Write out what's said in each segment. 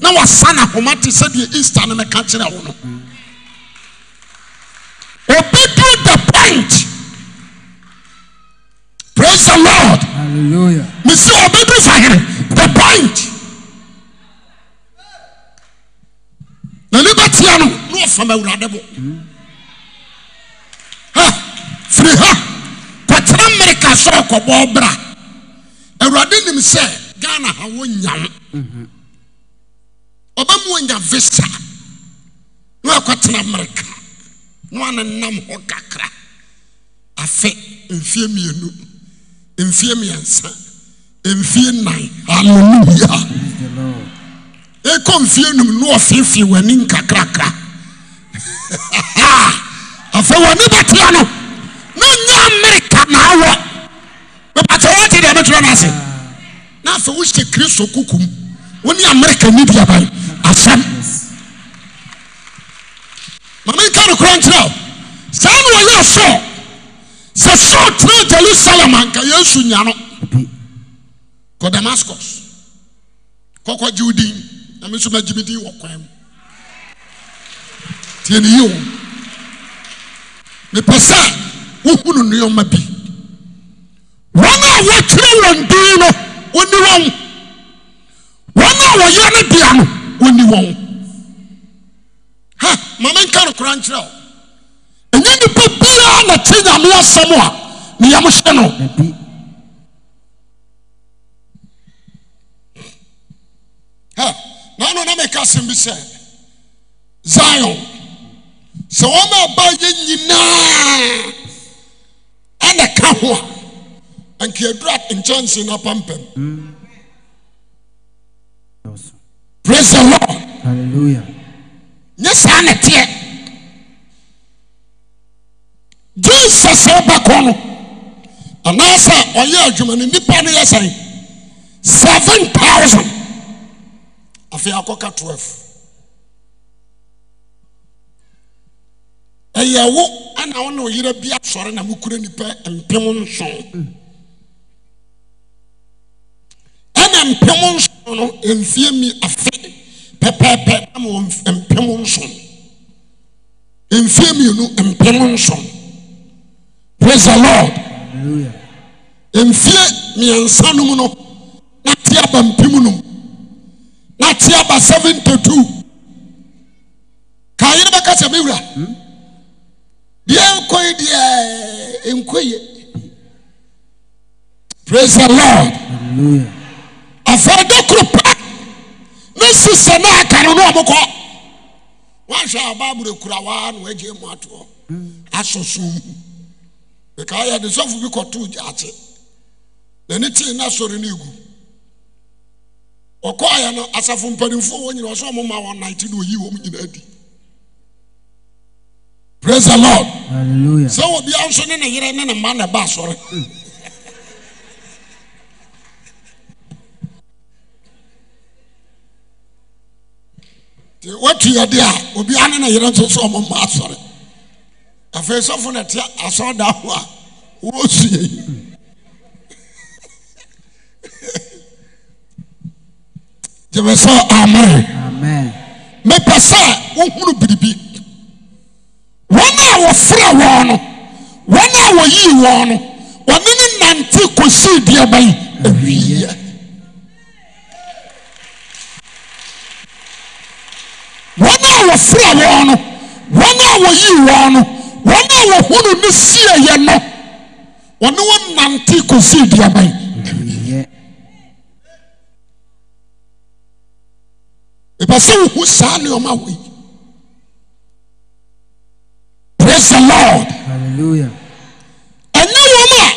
na wsa na homate sɛdeɛ ista no mɛka kyerɛɛ wo no bɛd e point smes bɛdur fa e te point na nibɛtea no ne ɔfam awurade bɔ firi ha kɔtera mmerika sɔrɛkɔbɔɔ bra awurade nim sɛ ghana ha wɔnya wo mm-hmm. ɔba mu anya vesaa ne wakɔtena mereka ne wane nam hɔ kakra afɛ mfee mmianum mfiemiɛnsa mfie nan anɔno hi a ɛkɔ mfienum ne wɔfeefee w'ani nkakrakra afɛ wni bɛteɛ no ne nyɛ merika naawɔ oba tɛ wote deɛ no tro no ase ne afɛ wohyɛ kristo kukum wone amerika nibiaba asɛm mamenka nokora nkyerɛ saa ne ɔyɛ sɛɔ sɛ sɛɔ tuma jerusalom anka yɛasu nya no kɔ damascus kɔkɔgye wodin nam so magyemedin wɔ kɔn m tianyi wɔ mepɛ sɛ wohu nu nneɔma bi wɔn a wɔkyerɛ wɔn din no onnemɔm wɔna wɔyɛ ne dea no wonni wɔn ma ne nka no kora nkyerɛw ɛnyɛ nnipa biara nate nyameɛ asɛm a ne yɛ mo hyɛ no nano na mɛɛka asɛm bi sɛ zion sɛ wɔna baa yɛ nyinaa ɛnɛ ka ho a ankaadura nkyɛnse no pampɛm prs l nyɛ saa ne teɛ jesusɛ wobakɔn no anaasɛ ɔyɛ adwumane nnipa no yɛ sɛe 7,000 afei akɔ ka 12 ɛyɛ wo nawo ne yerɛ biaa sɔre na mukuro nnipa mpew nso mpe nson no mfie mi afe pɛpɛɛpɛ amamp nson mfie mino mpe nson prais e lord mfie miɛnsa nom no na teɛba npinom na teɛba 72 ka yere bɛka ta bɛwura hmm? deɛ nkyi deɛ nkiɛ prais e lorda nkurɔfoɔ dokuro pɛ ne sisɛ ne a no ne ɔmokɔ woahwɛ a kura waa na wagye mu atoɔ asosum mekaa yɛde sɔfo bi kɔtoo gyaakye n'ani tee na sɔre no no asafo mpanimfoɔ wɔ nyina ɔsɛ ɔmoma wɔn na oyi wɔn nyinaa di praise the lord sɛ ne ne yere ne ne mma deɛ watu yɛ deɛ a obi ane na yere nso so ɔmo mma asɔre afei sɔfo na te asɔrda ho a wɔsue yi gyeme sɛ amen mepɛ sɛ wohunu biribi wɔn a wɔfrɛ wɔn no wɔn a wɔyii wɔn no wɔne ne nante kɔsii deɛ bɛyi awieɛ wɔfrɛ wɔn no wɔn a wɔyii wɔn no wɔn a wɔhunu ne sieɛ no wɔne wɔnante kɔsii duaban ɛpɛ sɛ wohu saa nneɔma wɔ yi praise the lord hallelujah ɛnyɛ wɔn a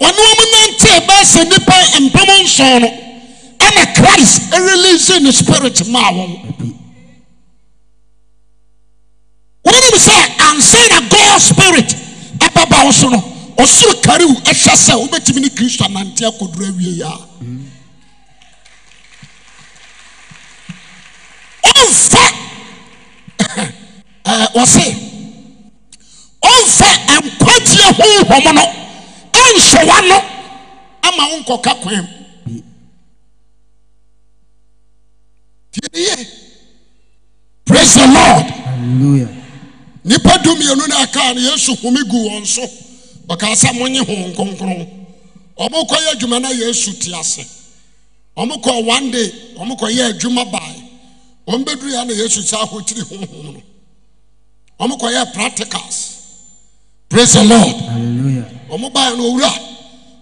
wɔne wɔn nante ɛbɛsɛ nipa mpam nson no ɛna christ ɛrelease ne spirit maa wɔn. wonim sɛ ansɛi na god spirit baba wo so no ɔsoro kariw ɛhwɛ sɛ womɛtumi ne kristo anante akɔduru awieia se ɔmfɛ nkwadeɛ hoihɔm no ɛnhyɛwa no ama wonkɔka kwa m prais the lord nnipa domenu no akar n yesu home gu wɔn so ɔkaa sɛ monye hohom kronkron ɔmokɔyɛ adwuma no yesu te ase ɔmokɔ oneda ɔmokɔyɛ adwuma bae ɔm bɛduruɛ na yesu saa ahɔkyiri hohom no ɔmokɔ yɛ practicaus pras e lord ɔmo bae no ɔwuraa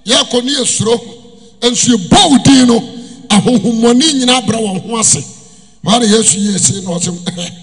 yɛkɔ neasuro nsuyɛba o dii no ahohommɔne nyinabrɛ wɔn ho ase ɔyane yesu yi sii ne ɔtem ɛ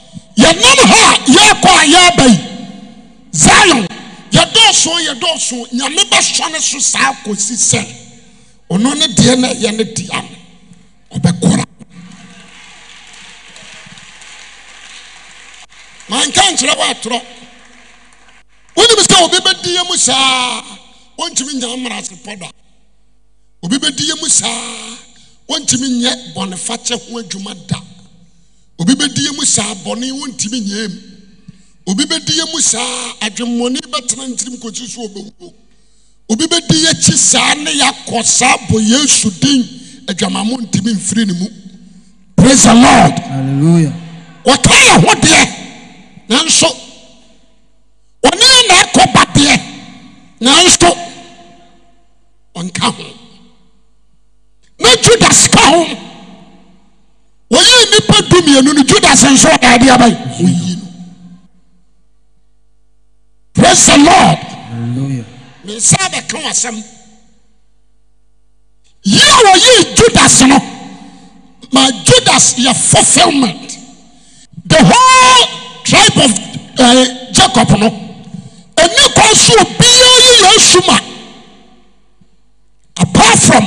yɛnan hɔa yɛrkɔ a yɛ aba yi zion yɛdɔɔson yɛdɔɔson nyamebɛsɔ ne so saa kɔsi sɛ ɔno ne deɛ ne ɛyɛ ne deɛ no ɔbɛkɔra manka nkyerɛ wɔatorɔ wonim sɛ wɔbɛbɛdi yɛ mu saa wɔntimi nya mmarasepɔ da ɔbɛbɛdi yɛ mu saa wontimi nyɛ bɔnefakyɛ ho adwuma da obi bɛdi yɛ mu saa bɔne wontimi ye m obi bɛdi ɛ mu saa adwemmɔne bɛtena ntirim kɔsi so ɔ bɛhuo obi bɛdi yɛakyi saa ne yɛakɔ saa bɔ yesu din adwama mo ntimi mfiri ne mu pras e lorda ɔtaa yɛ hodeɛ nanso ɔnene naɛkɔ ba deɛ nanso prs rd misa bɛka wasɛm yɛɛ wɔyee judas no ma judas yɛ fulfilment the whole tribe of eh, jacob no ɛnɛ kɔ soɔbiaa yiyɛasuma apart from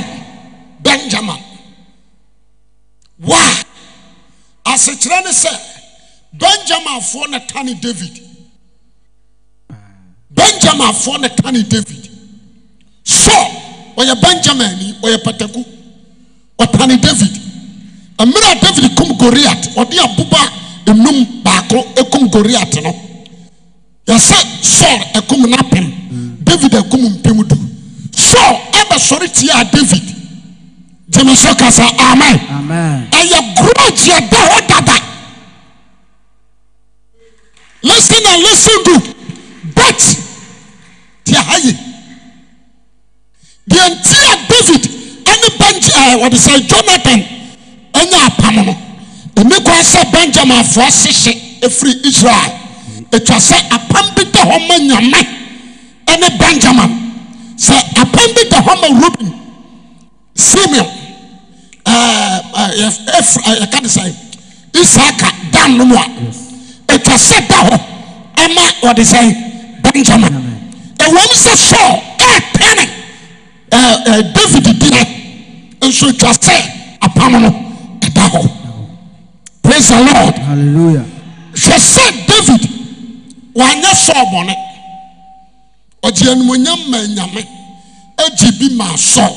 benjamin wa asɛkyerɛ ne sɛ Benjamin benjaminfoɔ na ta ne david benjaminfoɔ na ta ne david Saul ɔyɛ benjamin ni ɔyɛ pataku ɔta david mmerɛ a david kum goriat. ɔde abuba enum baako ekum goriat no yɛsɛ Saul ekum napem david ekum mpem du Saul abɛsɔre tia david jẹmẹsọ kasa amen ɛyɛ gurage ɛda hɔ lesina lese do but teaha yi deɛ antia david ne wɔde sɛ jonathan anya apam no ɛmekoaa sɛ benjamin afoɔ sehye afiri israel atwa sɛ apan bida hɔ ma nyamɛ ne benjama n sɛ apam bida hɔ ma robin simuelyɛka de sɛe isaaka dan nomu a atwa sɛ da hɔ ɔma wɔde sɛ benjaman ɛwom sɛ saul apɛne david di nɛ nso atwa sɛ apam no da hɔ pras lord hwɛ sɛ david wanyɛ sɔlbɔne ɔgye animonyam ma anyame agye bi maa sɔl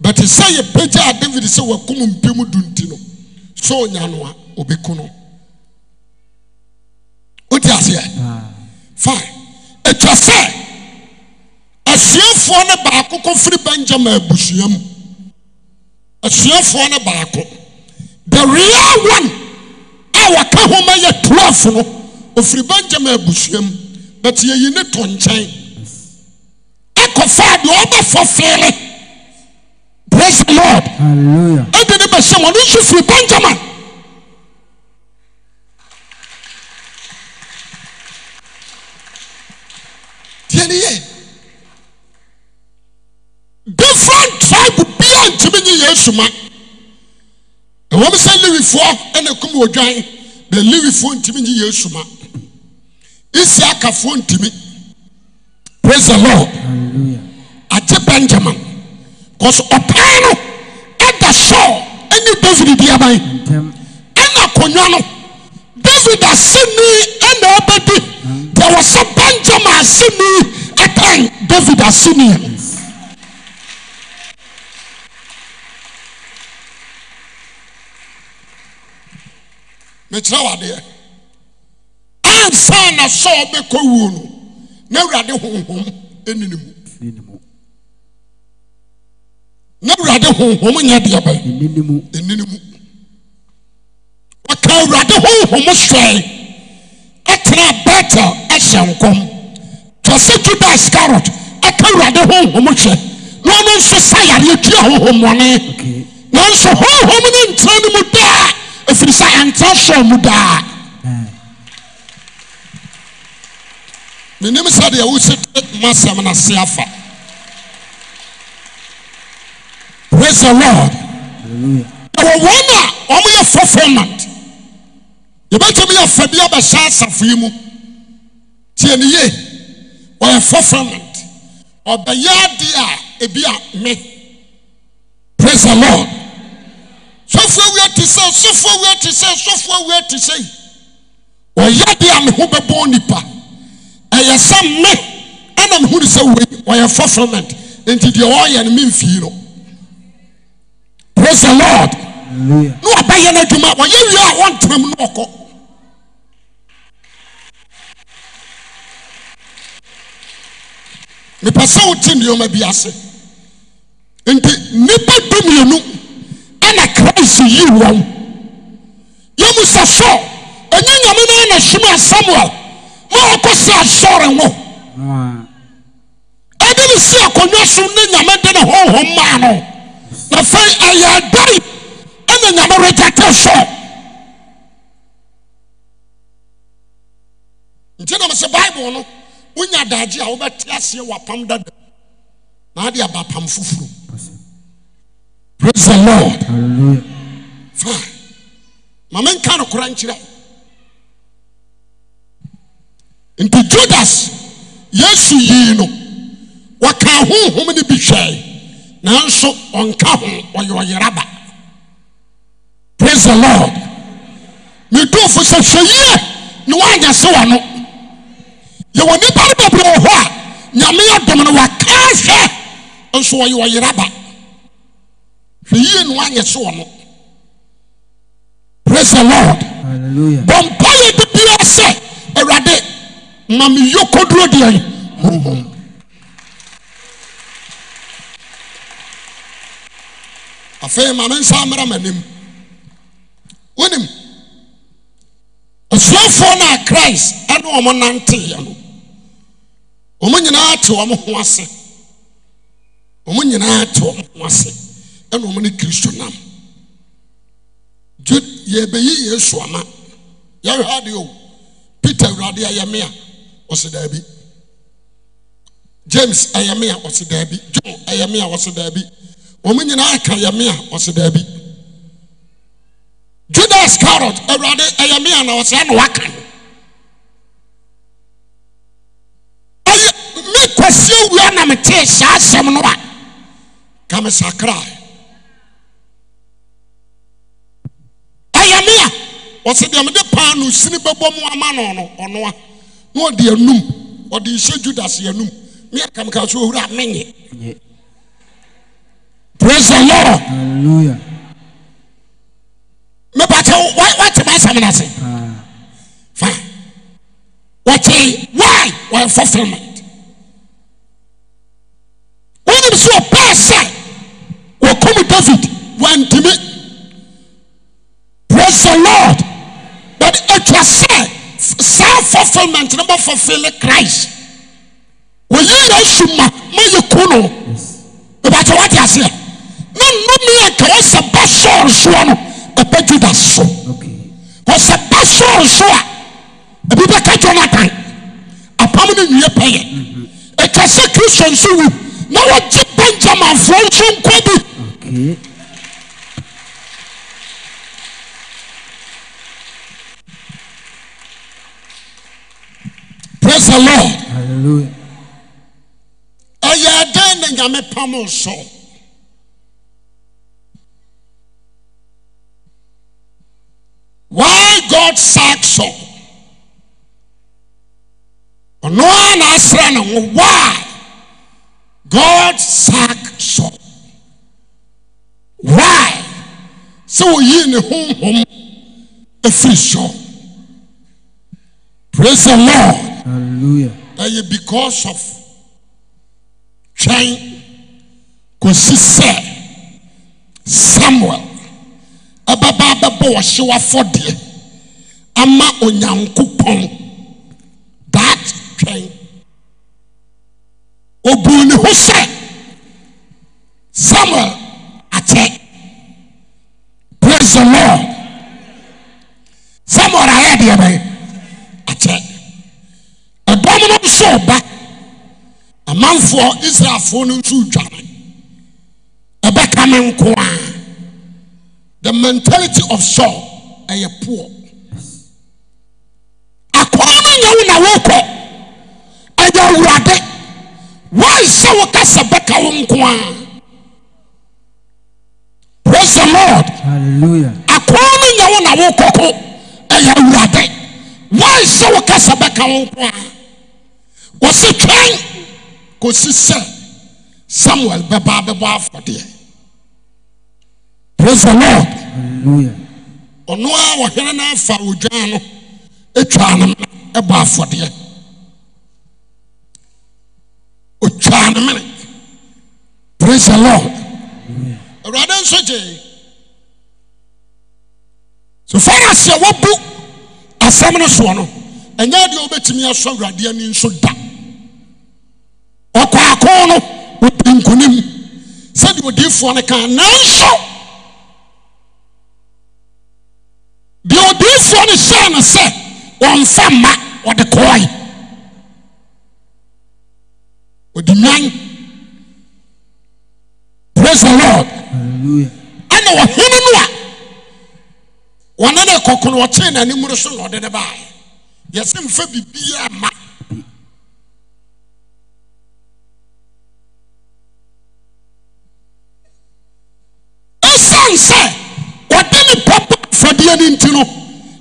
but sɛ yɛpɛgya a david sɛ wɔakom npemu dunti no sɛ ɔnya no a ɔbi ko no atwa sɛ asuafoɔ ne baako kɔfiri bengyamn abusuam asuafoɔ ne baako the real one a waka homa yɛturafo no ɔfiri bengyamn abusuam bɛt yɛyi ne to nkyɛn ɛkɔfaa deɛ ɔbɛ fɔfeere pras lord ɛde ne bɛhyɛ hɔne nhwɛ firi benjamin different trible bia ntimi nye yɛ soma ɛwom sɛ levifoɔ ne komiwɔadwan bɛ levifoɔ ntimi nye ye soma isiakafoɔ ntimi presde lar atye benjamin caus ɔpaa no ɛda sɛw ne david di aban ɛna kɔnwa no david asɛni naabɛbe There was a benjamin asemi ɛkan david asemi yɛ. mekyerɛ wadeɛ ansa na sɔɔ bɛkɔ wuo no na awurade honhom ɛni ne mu na awurade honhom nyɛ deɛ bɛn ɛni ne mu ɔka awurade honhom sɔe ɛtena bɛtɛl tɛɔsɛ udai scarog kawurade honhom hwɛ na ɔmo nso sayareɛtwuahɔhɔmmɔne nansohɔhom no ntera no mu daa ɛfirisɛ antra sɔɔ mu daaɛ ɔɔn a ɔmyɛ fo fimant ybɛyɛfai ɔbɛsɛ safoi mu tiɛneye ɔyɛ fɔ fimint ɔbɛyɛa deɛ a ɛbi a me pras e lord sɔfoɔ wia te sɛi sfowiatesɛi sfoɔ wia te sɛi ɔyɛ de a me ho bɛbɔn nipa ɛyɛ sa me nam hu nu sɛ wa i ɔyɛ fɔ fumint nenti deɛ ɔyɛ ne memfii no pras e lord ne wabayɛ noadwuma ɔyɛ wie a wɔntram no ɔkɔ nipa sɛ wogye neɔma biase nti nnipa domenum ana krist yi wɔn yɛmu sɛ sɔ ɛnyɛ nyame no ɛnahim a samuel mahɔ kɔ se asɔre wɔ ɛde ne sɛ akɔnnwa so ne nyamede ne hɔhom maa no na fɛi ayɛ adari ɛna nyame eregyakeɛ sɔɔ ntina me sɛ bible no wonya daagye a wobɛte aseɛ wɔ apam dada na ade aba apam foforo prais he lord fa ma menka nokora nkyerɛ nti judas yesu yii no wɔkaa honhom ne bi hwɛe nanso ɔnka ho ɔyɛ ɔyeraba prais he lord medoofo sɛ hwɛ yie ne woanya se wɔ no yɛwɔ nnipa no bɛbrɛ wɔ hɔ a nyame adom no wakaa sɛ nso ɔyɛ ɔyera hwɛ yie no anyɛ so wɔ no praise the lord bɔmpa yɛ bibiara sɛ awurade ma me yɔkɔduro deɛ afei ma me nsa mmra m'anim wonim asuafoɔ no a christ ɛne ɔmo nanteeɛ no omo nyinaa te wɔ m ho ase ɔmo nyinaa te ɔ m ho ase neɔm ne kristonam yɛbɛyi yɛ soama yɛrhadeɛ petar awurade ɛyɛ me a ɔse daabi yemes ayɛ me a ɔse daa bi jon ayɛ me a ɔso daabi ɔm nyinaa ka yɛme a ɔse daabi djuda scariod awurade ayɛ me ana ɔsaa ne waka tɛa kamesakra ɔyɛmea ɔsɛ dia mede paa no sini bɛbɔ mama neɔnoa ne ɔde anum ɔde hyɛ judas anum meyɛkamkɔuramenye presiɛtsst fɔfm lod bɔt atwa sɛ sal fulfilment no bɛ fufil ne christ wɔyɛ arahima mayɛ ko no obata woade ase a ne nnoniɛ nka wɔ sɛ ba sɔɔr soa no ɔbɛ dwuda so ɔsɛ ba sɔɔre so a abi bɛka jonatan apam no nnua pɛ yɛ atwa sɛ kristion so wu na wɔgye bengyam afoɔ ntwinkodi the Lord. Hallelujah. Ɛyɛ dɛn na nyame pam so. Why God sacked so? No one na asra ne Why God sacked so? Why? Sɛ wɔyii ne home afiri so. Praise the Lord. laɛyɛ because of twɛn kɔsi sɛ samuel ɔbabaabɛbɔ ɔhyewafɔ deɛ ɔma onyankopɔn dhat twɛn ɔbuune ho sɛ samuel akyɛ pras he lord samuel arɛ deɛbɛyɛ ɔba amanfoɔ israelfoɔ no ntridwane ɔbɛka me nko ar the mentality of saul ɛyɛ poɔ ako no yɛwonawokɔ yɛ wurade w sɛ wokasa bɛka wo nko aa prɛslod ako no yɛwonawoekɔo ɛyɛ awurade w sɛ wokasa bɛka wo nko a wose twɛn kɔsi sɛ samuel bɛbaa bɛbɔ afɔdeɛ prase lord ɔno ar ɔhene na ɛfa ɔdwan no twaa no mene bɔ afɔdeɛ ɔtwaa no mene prase lord awurade nsoyee sofari siɛ wobu asɛm no soɔ no ɛnyɛ deɛ wobɛtumi asɔ awurade ani nso da ɔkɔako no wɔdi nkonim sɛdeɛ odiifoɔ no kaa nanso deɛ odiifoɔ no hyɛɛ no sɛ ɔmfa mma ɔde kɔɔe ɔdi nwan praise the lord ɛna ɔhene no a wɔne ne kɔkɔ no ɔkyee n'anim no so na ɔde ne baeɛ yɛsɛ mfa biribiaa mma Você, sɛ ɔde ne papa afɔdeɛ no nti no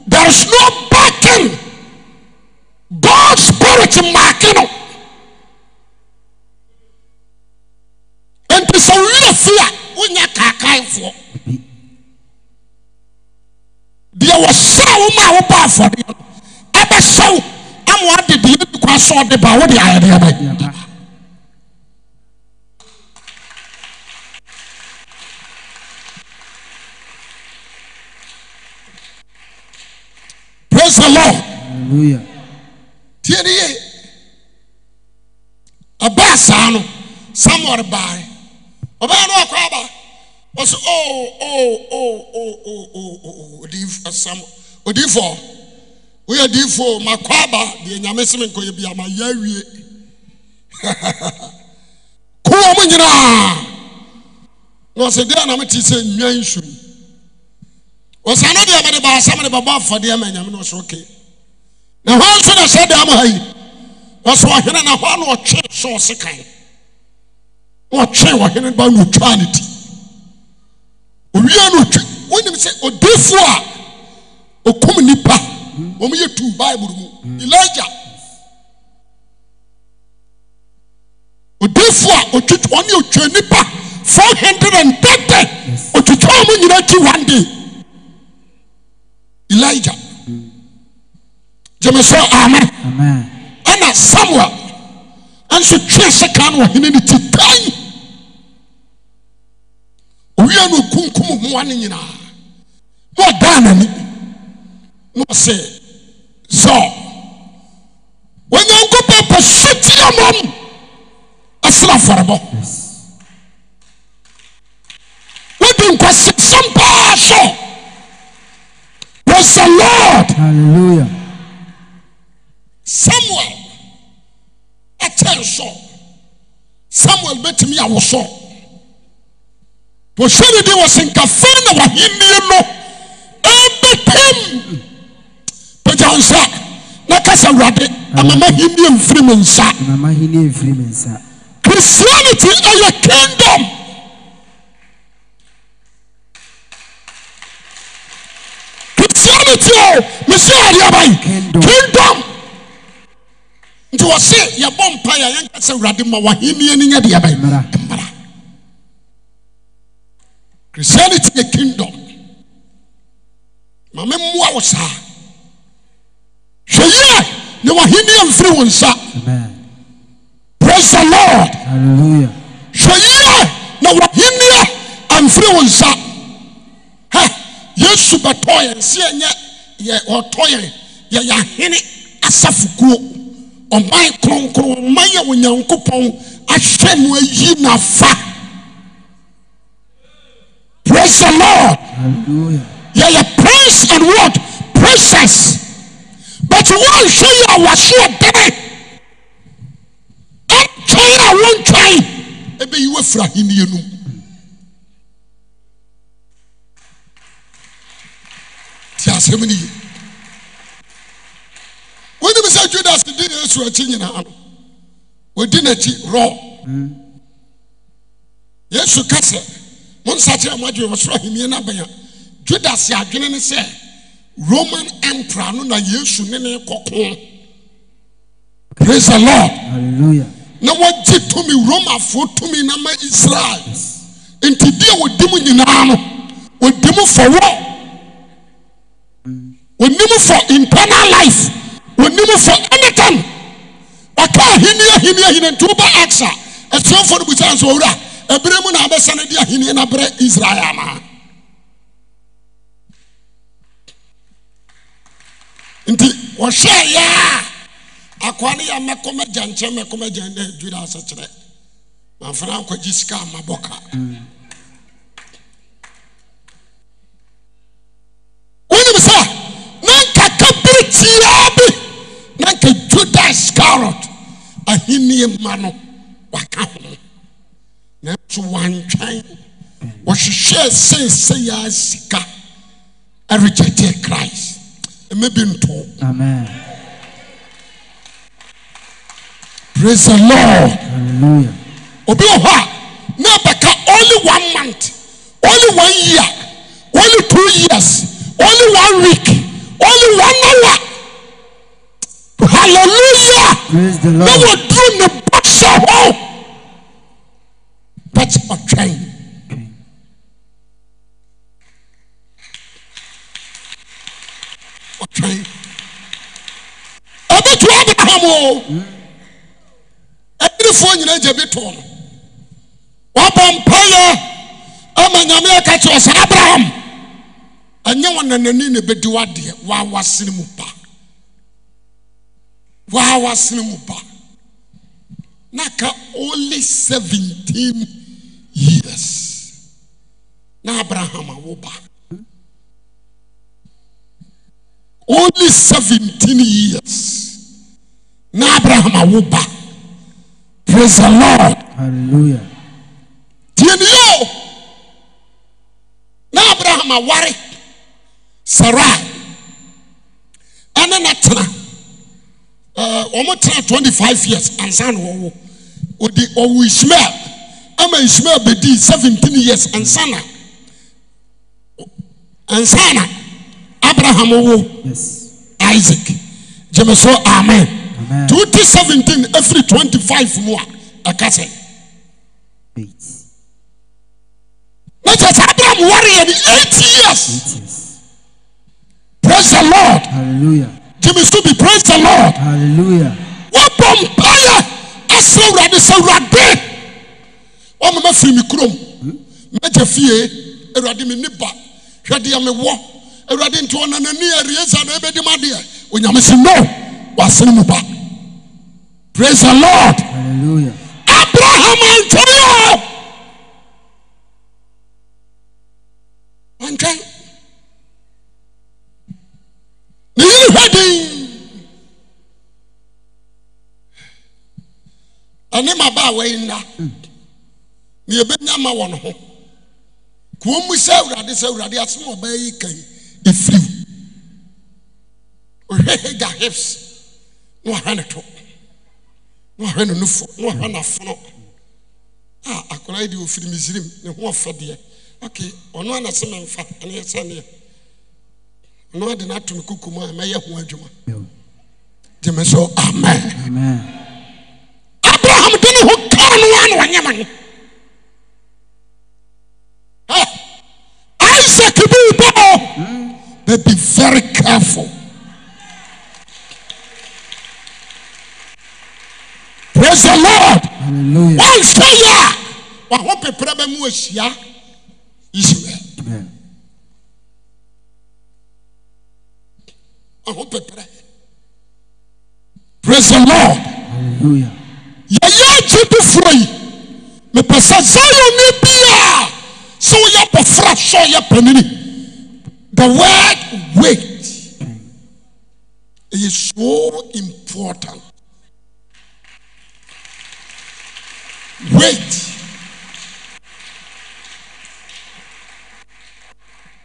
there is no backing god spirit maake no nti sɛ wowerɛ fi a wonya kaakaefoɔ deɛ wɔsra wo ma a wobɔ afɔdeɛ no ɛbɛsɛ ama wode deɛ bi kwa sɛ ɔde ba wode ayɛdeɛ bɛ ntie ne ye abaa saa no sam ɔde baare ɔbɛyɛ ne akɔ aba ɔso om ɔdiifɔɔ woyɛ diifo makɔ aba deɛ nyame semenkɔyɛ bia mayɛ wie koa m nyinaa ne ɔsɛ deɛ anam te sɛ nnwan nhon ɔsaa no deɛ made baara sam de bɛabɔ afadeɛ ama anyame ne ɔsoɔkɛ nahɔa nso ne sɛ daa ma hayi ɛ sɛ ɔhene ne hɔ a na ɔtwɛɛ sɛɔ sekae na ɔtwɛɛ ɔhene ba no ɔtwaa no di ɔwiea no twi wonim sɛ ɔdefu a ɔkom nnipa wɔmoyɛ tu bible mu iligja ɔdefu a wwɔneɛ ɔtwa nnipa f0dɛdɛ ɔtwitwaa mu nyina kyi onda iligja gyema sɛ ame ɛna samuel nso twɛ sɛka na wɔhene no ti kan ɔwiea no kumkum hoa ne nyinaa na ɔdaa nani na ɔse saɔ ɔnyankopɛpɔ sotiamom ɔsera fɔrɔbɔ wodinkɔse sampaa sɛ wɔsɛ lorda samuel ɛkyɛe sɛ samuel bɛtumi yɛ wosɔ wɔhyɛnede wɔ senkafɛ na wahennem mo bɛtem pagyansa na kasa wurade amamahenni mfirim nsa kristianaty ɛyɛ kingdom kristianaty o oh, meseadeabaye kingdom ti ɔse yɛbɔ mpa yɛ yɛnka sɛ wurade ma wahenni no yɛdeɛ bammmra khristianity yɛ kingdom ma memmoa wo saa hwɛ yie ne wahennɛ mfiri wo nsa prais odhwɛyi ne whennɛ amfere wo nsa yesu bɛtɔɔ yɛn sɛ yɛnyɛ yɛ ɔtɔɔ yɛn yɛyɛ ahene asafokuo ɔman krɔnkrɔn ɔman a onyankopɔn ahwɛ no ayi nofa prais e lord yɛyɛ price and wad prses but wohwɛ yi awseɛ derɛ ɔntwae a wontwae bɛyiwafirihennm wonim sɛ judas di yesu akyi nyinaa no wɔdi n'akyi rom yesu ka sɛ monsakyeɛ moadwee wɔsoro hemie no bɛn a judas adwene ne sɛ roman entra no na yesu ne ne kɔkɔ pras e lord na wɔgye tumi romafoɔ tumi na ma israel ntidi a wɔdi m nyinaa no wɔdi m fɔ mm. wɔ ɔnim fɔ imparnal life ɔnimf andetan baka aheni aheni ahini ntwow ba aksa asuamfoɔ no busa sɛɔwurɛ a ɛberɛ mu na abɛsano de ahenni na berɛ israel anaa nti ɔhwɛyɛa akwaneyɛ mɛkɔmɛgyankyɛ mɛkɔmɛgyan dɛ juda sɛ kyerɛ mɛfanankwagye sika amabɔka wonim sɛ nankaka berɛtia Herod ahenni ma no waka a Amen. Praise the Lord. Hallelujah. Obi wɔ only one month, only one year, only two years, only one week, only one hour. aleluya nɛ wɔduo ne bɔsɛ ho pɛte ɔtwɛn ɔwɛn ɔbɛtua abrahamo ainifoɔ nyinaa gya bi to no wbɔmpaeɛ ama nyamenɛ ɛkake ɔsan abraham ɛnyɛ wɔnan'ani ne bɛdi woadeɛ wwasene mu pa waa wasene mu only 17 years na abraham awo only 17 years na abraham awo praise the lord hallelujah tieni yo na abraham aware Sarah, ɛne ne tena Eh, ɔmotea 25 years nsa ne wɔwo de wo smaa ma hymaa bɛdii 17 years nsa nsa na abraham wo isaac gyeme so amen tt17 ɛvry 25 mo a ɛka sɛ sɛ abraham wɔreɛ ne 80 years pras he lord wobɔ mpa yɛ ɛse wurade sɛwurade wɔnomafirimi krom mɛdza fie awuade menni ba hwɛdeɛ mewɔ awurade nti wanananiɛ ariɛ zana ɛbɛdemadeɛ onyame sɛ no wase noba pas abraham antwɔyot neyinehwɛ den ɛne ma ba a wayi nna neyɛbɛnyama wɔ ne ho koo mu sɛ awurade sɛ wurade asom ɔbaa yi kan ɛfiri ɔhwɛɛ gaheps ne wahwɛ ne to n wahwɛ nenofo ne wahwɛ ne afonɔ a akorayi deɛ ɔfirimesirem ne ho ɔfɛdeɛ ok ɔno anaseme mfa ɛne ɛsɛnea no ade n'ato no kukum a mɛyɛ ho adwuma de me so amen abraham de ne ho ka noaana nyɛma no isaak birbɔ e be very carefl pras d wonsɛyɛ a wahɔ peprɛ ba mu wahyia is praise the lord yɛyɛ agyidifoɔ yi mepɛ sɛ zayone bia sɛ woyɛ abɔfra sɛ ɔyɛ panini the word wait is so important wait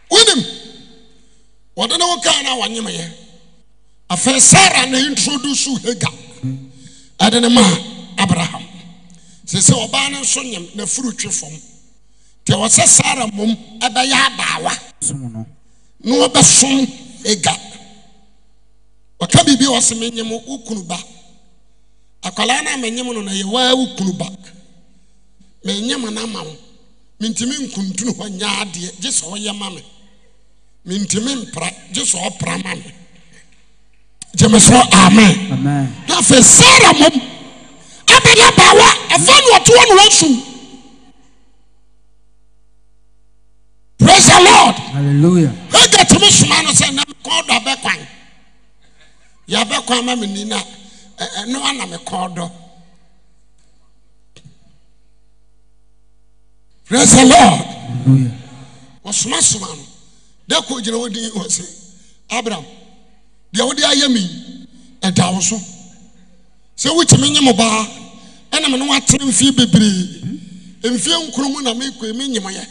wonim wɔde ne wo kaa na wanyemeyɛ afɛi sara na introduse haga ɛde ne maa abraham sɛ sɛ ɔbaa ne nso nyam nafurotwefam ti wɔ sɛ sara mom bɛyɛ abaawa ne ɔbɛsom aga ɔka biribia ɔ semenyem wo kunuba akalaa na mennyem nono ɛyɛwaa wo kunu ba menyem no ma wo mentimi nkuntunu hɔ nyɛadeɛ gye sɛ ɔyɛ ma me mentimi mpra gye sɛ ɔpra mame nɛ f seeramo abɛ baawa ɛfa noɔtonoumagatom soma no sɛ na mekɔdɔ abɛkwan yɛ abɛkwan ma mennino no anamekɔɔ dɔ prs lrd ɔsoma soma no da ko gyina wodin hɔ sɛ abrahm diɛ wode aya me adawo so sɛ wokyemenyomɔ baa na m ne waaterɛ mfie bebree mfie nkonomu na meki menyemɔyɛ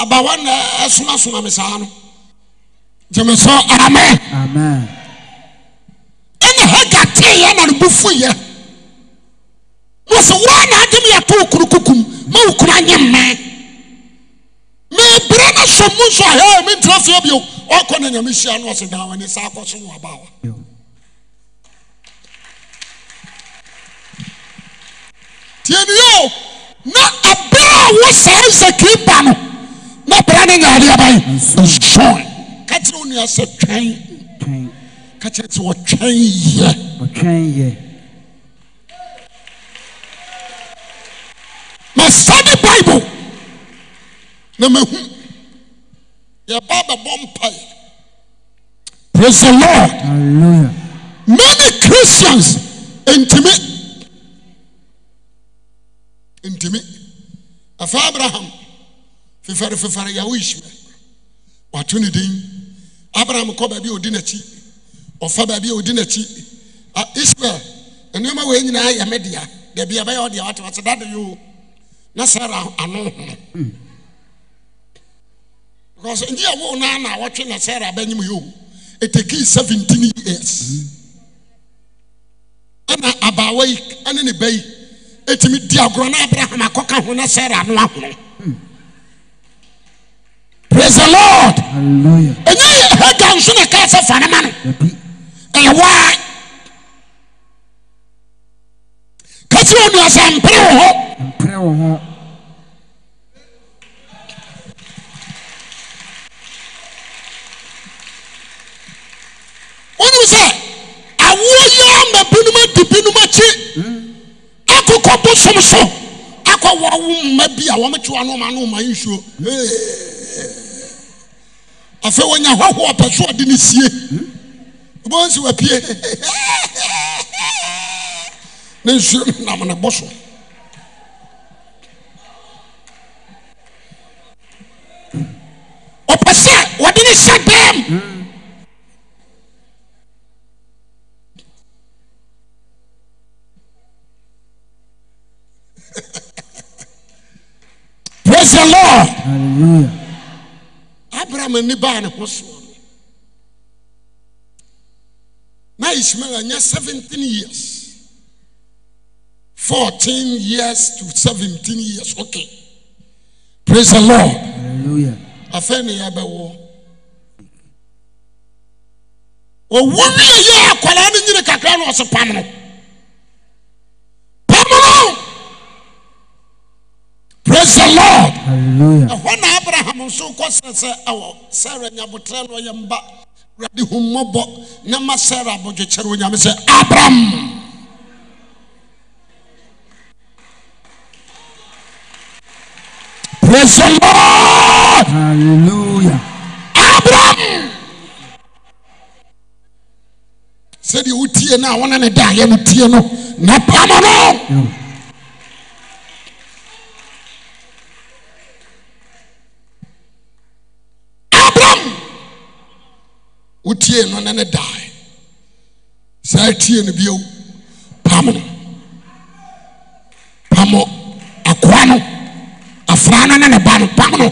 aba wa nɛ ɛsona sona me saa no temɛ so ame ɛne ha ga teeyɛ nanebufoyɛ mo sɛ wora naadyem yɛtoo kono kukum ma wokona anyemmɛ mebere na sɔmu soe mentirɛfiɛ bio ɔkɔ ne nyame syia no ɔso da a ne saa kɔ so noabawa dnia ne abɛɛ wɔ saa nsɛkampa no nabra ne nyaadeɛbaɛ s ka kyerɛ wo nuasɛ twɛn ka kyeɛsɛ wɔtwɛn yɛ masade bible na mahu yɛba bɛbɔ mpae prse lord many cristians ntim ntimi afa abraham fifɛrefifare yɛwo isral wato ne din abraham kɔ baabi a ɔdi n'akyi ɔfa baabi a ɔdi n'akyi a israel nnoɔma wɔa nyinaa yɛ medea da bia ɛbɛyɛ wɔdea wate bate dada yio na sara anoho because nti awo naa na awɔtwe na sarah abɛnyim yi o eteki seventeen years ɛna abaawa yi ɛne ne ba yi etimi di agorɔ na abraham akɔka ho na sarah ano ahono praise the lord enye hagar nso na kaa sɛ fanama no ɛwaa kasi onua sɛ mpere wɔ hɔ. anom sɛ awo aya ma binom adibinom akyi akokɔ bo som so akawo awo mma bi a wɔmekyew anoma anomanhuo afei wɔnya hɔ ho ɔpɛ so ɔde ne sie bɛsi ape esnano o m'ani baa ne ho soɔ no na ismail anya seventeen years fourteen years to seventeen years okay praise the lord hallelujah afɛn ne yabɛwɔ owu mi yɛ akwadaa ne nyina kakra na ɔsopam no. ɛhɔ na abraham nsowkɔ seɛ sɛ ɛwɔ sarah nyabotrɛ no ɔyɛmba awurade hommɔbɔ na ma sara bɔdwekyɛre o nyame sɛ abrampsa sɛdeɛ wo tie no a wona ne da yɛ no tie no na pamano wotie no ne ne dae sɛa atie no bi pamno pam akoa no afra no ne ne ba no pamno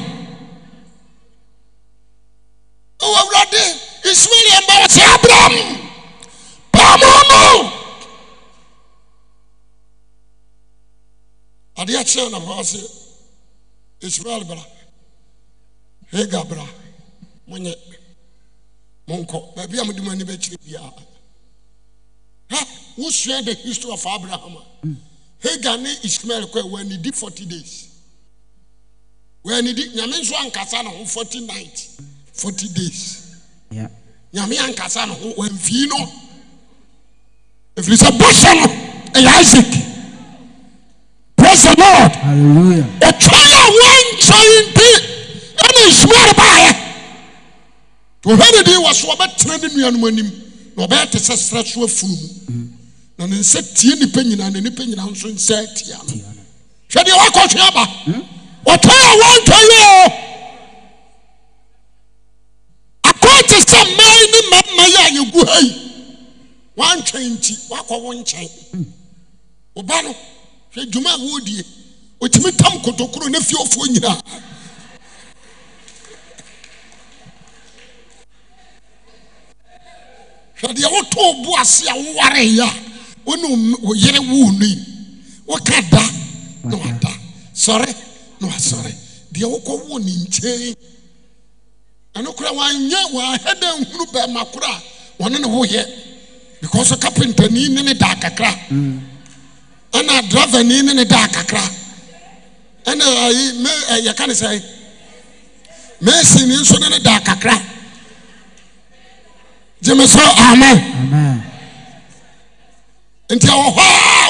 ɛw awurade israelɛmbɛɔse abram pam no ade akye nahaa sɛ israel bra heiga bra monyɛ baamdmnibɛyirɛ bwosua the history of abraham a mm. hagane ismael kɔ wanedi f0 days wanidi nyame nso ankasa ne ho f09t f0 days nyame ankasa ne ho wamfii no ɛfiri sɛ bo sɔ no ɛyɛ isaak pres godlua t ɔhwɛ dedi wɔ so wɔbɛtena ne nnuanom anim na ɔbɛyɛte sɛ srɛ so afuru mu na ne nsɛ tia nnipa nyinaa na nnipa nyina nso nsɛ tia no hwɛdeɛ woakɔtwee aba ɔtɔe a wɔantwai ɔ akɔ te sɛ ma n ne ma ma yɛ ayɛ gu ha yi wantwɛi nti wakɔ wo nkyɛe wɔba no hwɛ adwuma hoɔ die ɔtumi tam kotɔkuro n' afi ɔfoɔ nyinaa ɛdeɛ wotoo bo ase a wowareyɛ a one o yere wo nui woka da na wada sɔre na wasɔre deɛ wokɔwoo ne nkye ɛno kora wanyɛ wahɛ da nhuru bɛmakoraa ɔne ne ho hɛ because ocarpentani ne ne da kakra ɛna driveni ne ne da kakra ɛnayɛka eh, ne sɛe mesini nso ne ne da kakra ges a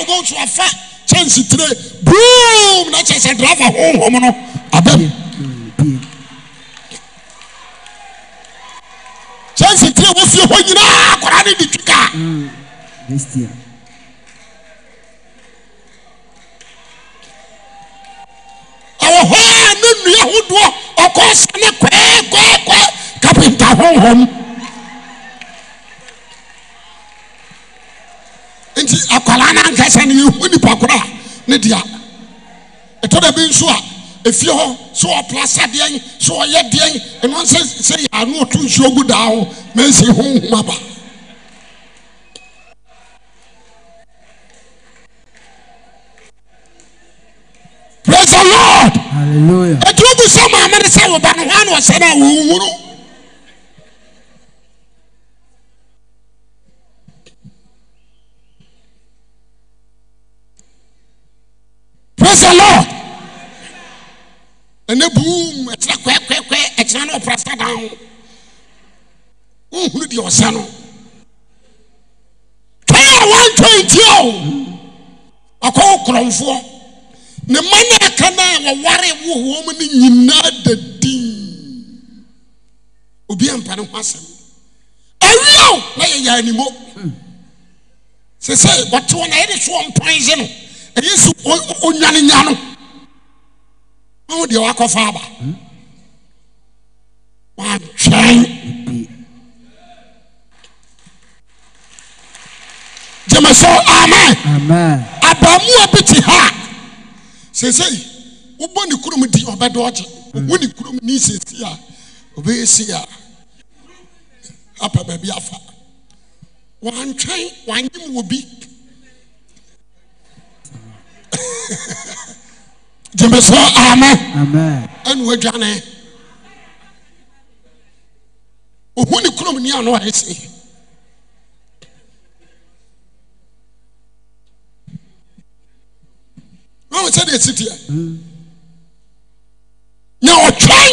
niwɔhf kɛnsetir bom nakyɛsɛdrve honhɔ kyɛnsetir wɔfie hɔ nyinaa kra ne detikaɔhne mm. nua hooɔ ɔɔsɛne kainahonhɔm nti akwalaa nankasanene ho nnipakoraa ne dea ɛtɔ da bɛ nso a fie hɔ sɛ wɔplasa deɛn sɛ ɔyɛ deɛn ɛno n sɛ sɛyɛ anoɔto nhuogu daa ɔ mase honhoma ba presdurogu sɛm a mɛne sɛ woba no hɔ ane ɔsɛne a wɔhuno peslo ɛna bum ɛkera kwkkwɛ akyena na ɔpra sa danho wɔnhuru deɛ ɔsɛ no twae a antwantioo akɔ wo kɔrɔnfoɔ ne mane akanea wɔware wohoɔ m ne nyinaa da din obiampane ho asɛno awiao na yɛ yɛ nnimo sɛ sɛi ɔtewɔna yɛde soɔ mpan ye no ɛyɛ so ɔnwanenya no ma wo deɛ wakɔfa aba hmm? wntwɛn gyama sɛ aman aba mu a bɛ te haa see sei wobɔne kurom di ɔbɛdɔ ɔgye ɔmɔ hmm. ne kurom ni sɛesi a ɔbɛyɛsi a apa baabiafa wntwɛn wayem wɔbi emesɛ ame anuadwane ohu ne kuromni a no aɛse sɛde asiia ne ɔtwan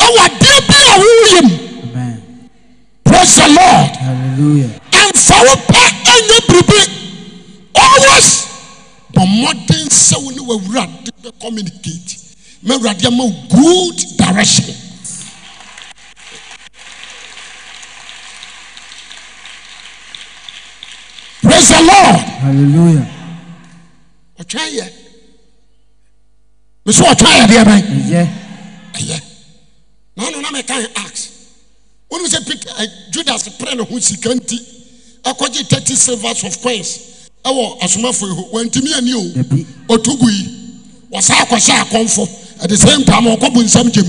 wɔ adeɛ bi a woyem pras he lord ansɛwo pɛ ayɛ biribe almos mɔden sɛ wo ne wawurade bɛ communicate mawuradeɛ ma good directionwɛ mso w ɛɛɛ nano nameka acx onom sɛ peter eh, judas prɛ ne ho sika nti ɔkɔgye t0 servats of quins ɛwɔ asomafo yi ho wɔntumi ani o otugu yi wɔsa akɔhyɛ akɔnfo at the same time ɔkɔbu nsɛm gyem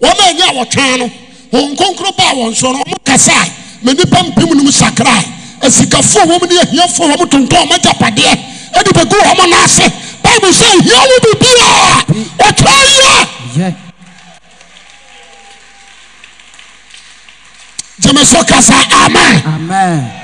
wɔn a ɛnyɛ awɔtwɛn no wɔn nkonkoro baa wɔn so no wɔn kasa mɛ nipa mpem nom sakra esikafo a wɔn ne ahiafo a wɔn tontɔn wɔn agyapadeɛ ɛde bɛgu wɔn n'ase baibu sɛ ehia wo bi bia ɔtwɛn yɛ. gyemesɛ kasa amen. amen.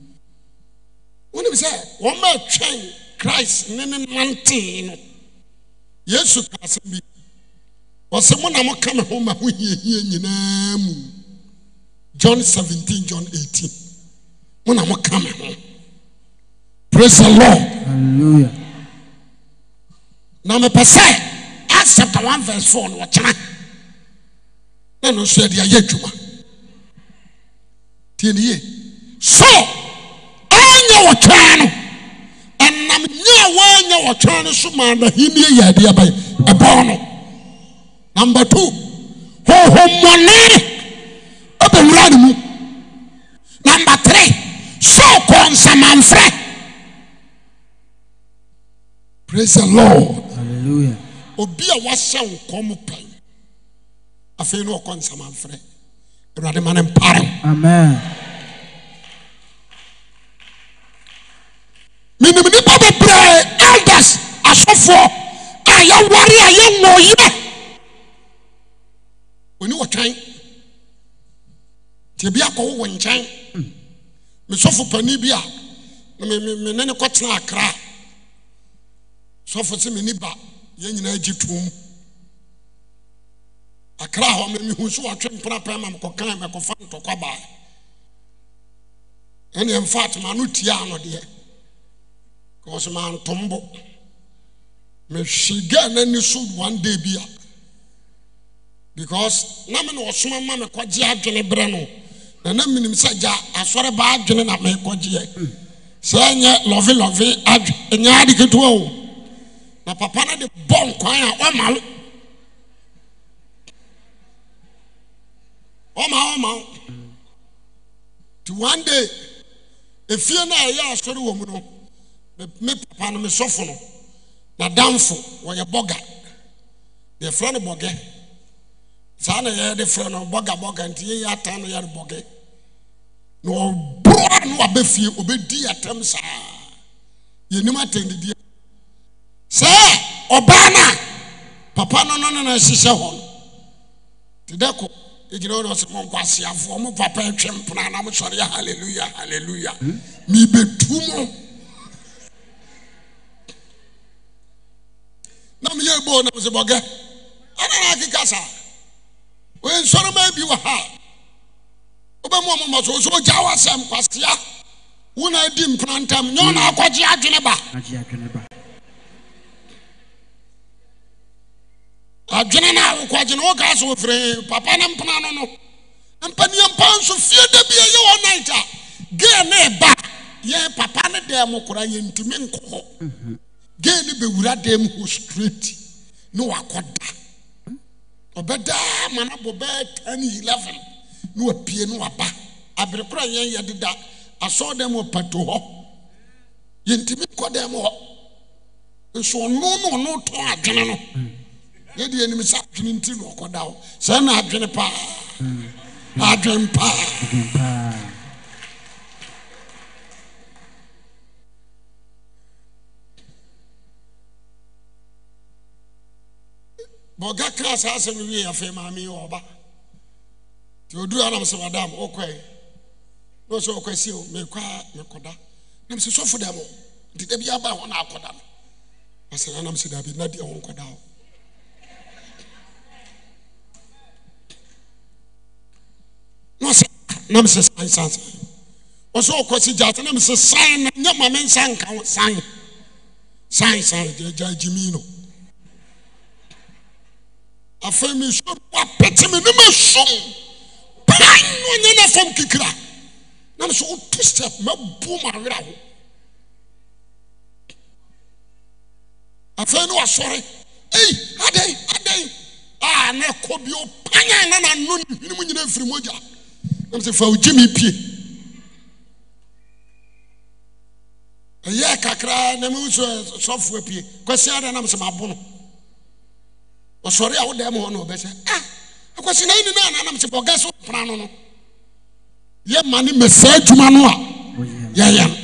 wonem sɛ wɔma twɛn christ ne ne nantee no yesu kaa se bi ɔ sɛ mo na moka me ho ma ho hiehie nyinaa mu jon 17 jon 18 mo na moka me ho pras ld na mɛpɛ sɛ as a1 v4 no ɔkyena na no nso ade ayɛ adwuma diniye so ɛawanyɛ wɔtwrɛ no so maanaheni aya adi abayɛ ɛbɔ no nambe tw am nm t sɛɔ nf prais lord obi a woasɛ nkɔ m pɛ afei na ɔkɔ nsamamfrɛ awurade ma ne mparem menim ni ba bɛbrɛ elders asɔfoɔ a yɛware a yɛwɔyɛ ani wɔ twan ti abiakɔwowo nkyɛn mesɔfo pani bi a n me ne ne kɔtena akraa sɔfo sɛ menni ba yɛ nyinaa gye tom akraa hɔmehuso wtwe mpapɛ ma mekɔka makɔfa ntɔkwaba ɛne mfaato maano tiaa nɔdeɛ cusmaantom bɔ mehwe ga na ni so one da bi a because na me ne ɔsoma ma mekɔgyeɛ adwene berɛ no na na menim sɛ gya asɔre baa adwene na mekɔgyeɛ sɛa nyɛ lɔvelɔve adwe ɛnyɛade katɔ awom na papa no de bɔ nkɔnɛ a ɔma o ɔmaoɔmawo ti one da ɛfie no ɛyɛ asɔre wɔ mu no me papa no mesɔfo no na damfo ɔyɛ bɔga deɛfrɛ no bɔgɛ saa na yɛde frɛ nobɔgabɔga nti yɛyi atam n yɛre bɔgɛ na ɔborɔa ne abɛ fie ɔbɛdi ɛtam saa yɛnim atam didia sɛ ɔbaa no papa no nonen ɛhyehyɛ hɔ n te da ko ɔgyina ɔne ɔsɛ mɔnkɔ aseafoɔ mo papa atwe mpena na m sɔreɛ haleluya haleluya hmm? mibɛtumu onsɔɛ nkkas ɛnreaa ah osga wɛ kwsa wondi mpntmɛnakgye adwene baadwne n agnos mnimpno fiedbi ayɛna ɛ ne ba yɛ papane d m orayɛnti nk mhm. ne bɛwura d mho strat ne wɔakɔda ɔbɛdaa ma no bɔ bɛɛ taa ne e1 ne wapie ne waba abere kora yɛyɛdeda asɔɔ dam ɔpato hɔ yɛntimi kɔdam ɔ nso ɔnoma ɔnotɔn adwene no yɛde anim saa adwene nti no ɔkɔda o saa ne adwene paa mm. adwen paa ɔɔgaka sɛasɛniaf mamɔba ɔnasɛmɔɔ ɔɛn m t iaa ɔnɛms adn afi meswapɛte me ne mesom banonyene ɛfam kikira na me so woto sɛp mabo m awerɛ ho afɛi ne wasɔre ada adan a nɛ ɛkɔbiopane a nanaano n ne monyina afiri mɔgya name sɛ fawogye meipie ɛyɛɛ kakra nams sufo pie kɔsiadɛ na me sɛ mabo no ɔsɔre ah, oh, a wodam hɔ na ɔbɛsɛ ɛksɛ nainina ananam sɛ bɔga se pa no no yɛ ma ne masaa adwuma no a yɛyɛn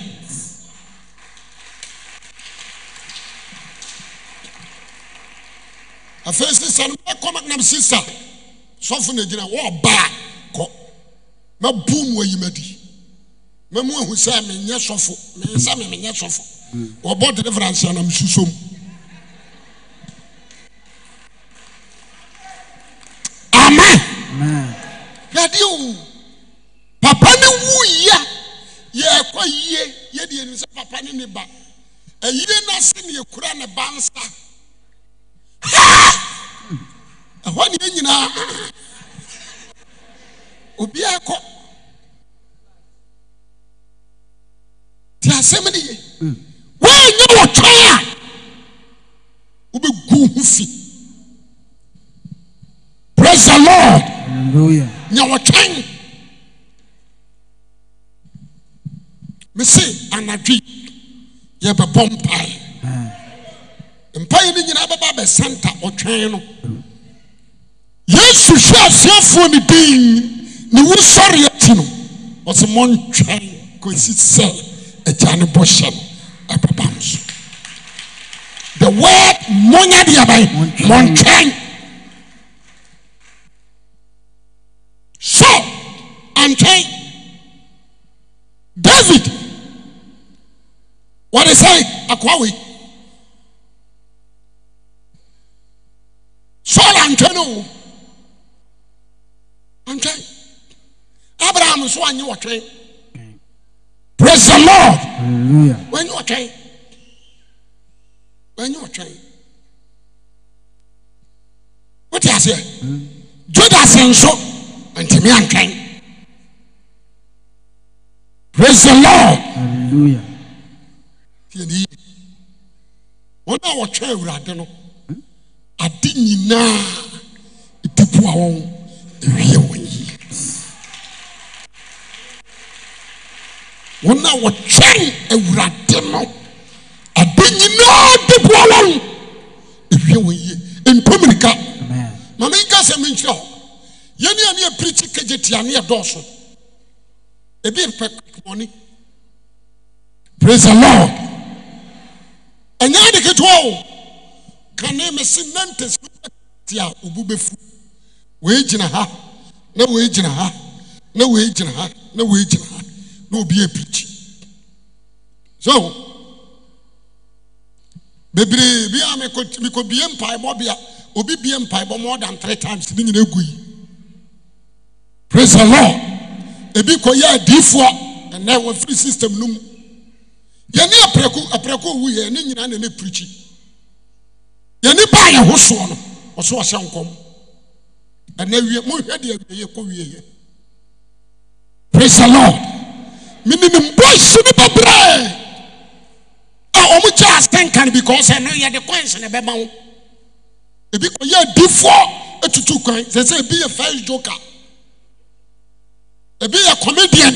afi sɛ sɛ no ɛkɔmanam sisa sɔfo nagyina wɔɔbaa kɔ mabo m ayimadi mamo ahu sɛ menyɛ sɔfo sɛ m menyɛ sɔfo wɔbɔderiverɛnse anam susuom w papa ne wu ya yɛkɔ yie yɛdeɛni sɛ papa ne ni ba ayire naasɛ neakura ne bansa ɛhɔ ne ɛ nyinaa obiakɔ nti asɛm ne ye mm. woa nyɛ wotwrɛ a wobɛgu ho si presiar lord nya ɔtwɛn me se anadwie yɛbɛ bɔmpae hmm. mpai no nyina bɛba bɛ sɛnta ɔtwɛn no yesuhwɛ asuafoɔ ne bi ne wu sɔreati no ɔ sɛ mɔntwɛn kɔsi sɛ agya ne bɔ hyɛ no bɛba n so de wor monya deabae mɔntwɛn Go and change. David, what is say? Akwawi. Saul and Chenu. And Abraham so I knew what Praise the Lord. Hallelujah. When you are trained. When you are trained. What do you say? Hmm? Judas and so. ntie antwɛn prase r wɔ a wɔtwɛn awurade no ade nyinaa deboa wɔn wiɛ wɔn yi wɔn a wɔtwɛn awurade no ade nyinaa deboa wɔn wie wɔn yie mpomirika ma mɛnka sɛ menkyrɛw yɛniani apirikyi kegye tiane ɛdɔɔso biapɛɔn pras lord ɛnyɛ de keteɔo kane mese nantɛsi a ɔbu bɛf i gina ha igina ha n a gina ha n obiprki bbreebi mkɔbie mpaebɔbea ɔbi bie mpai bɔ mor than thre times ne nyina gu i prais e lord ebi kɔ yɛ adiifoɔ ɛnɛ wɔfri system no mu yɛne prɛkɔwuɛ ɛne nyinaa nenɛ pirkyi yɛne baa yɛhosoɔ no ɔsoɛɛ pras e lord menenembɔhye no bɛbrɛɛ a ɔmokya asɛ nkan because ɛno yɛde kwan sɛne bɛma ho ɛbi kɔyɛ adiifoɔ atutu kwan sɛ sɛ bi yɛ fiir djoka ɛbi yɛ kɔmediɛn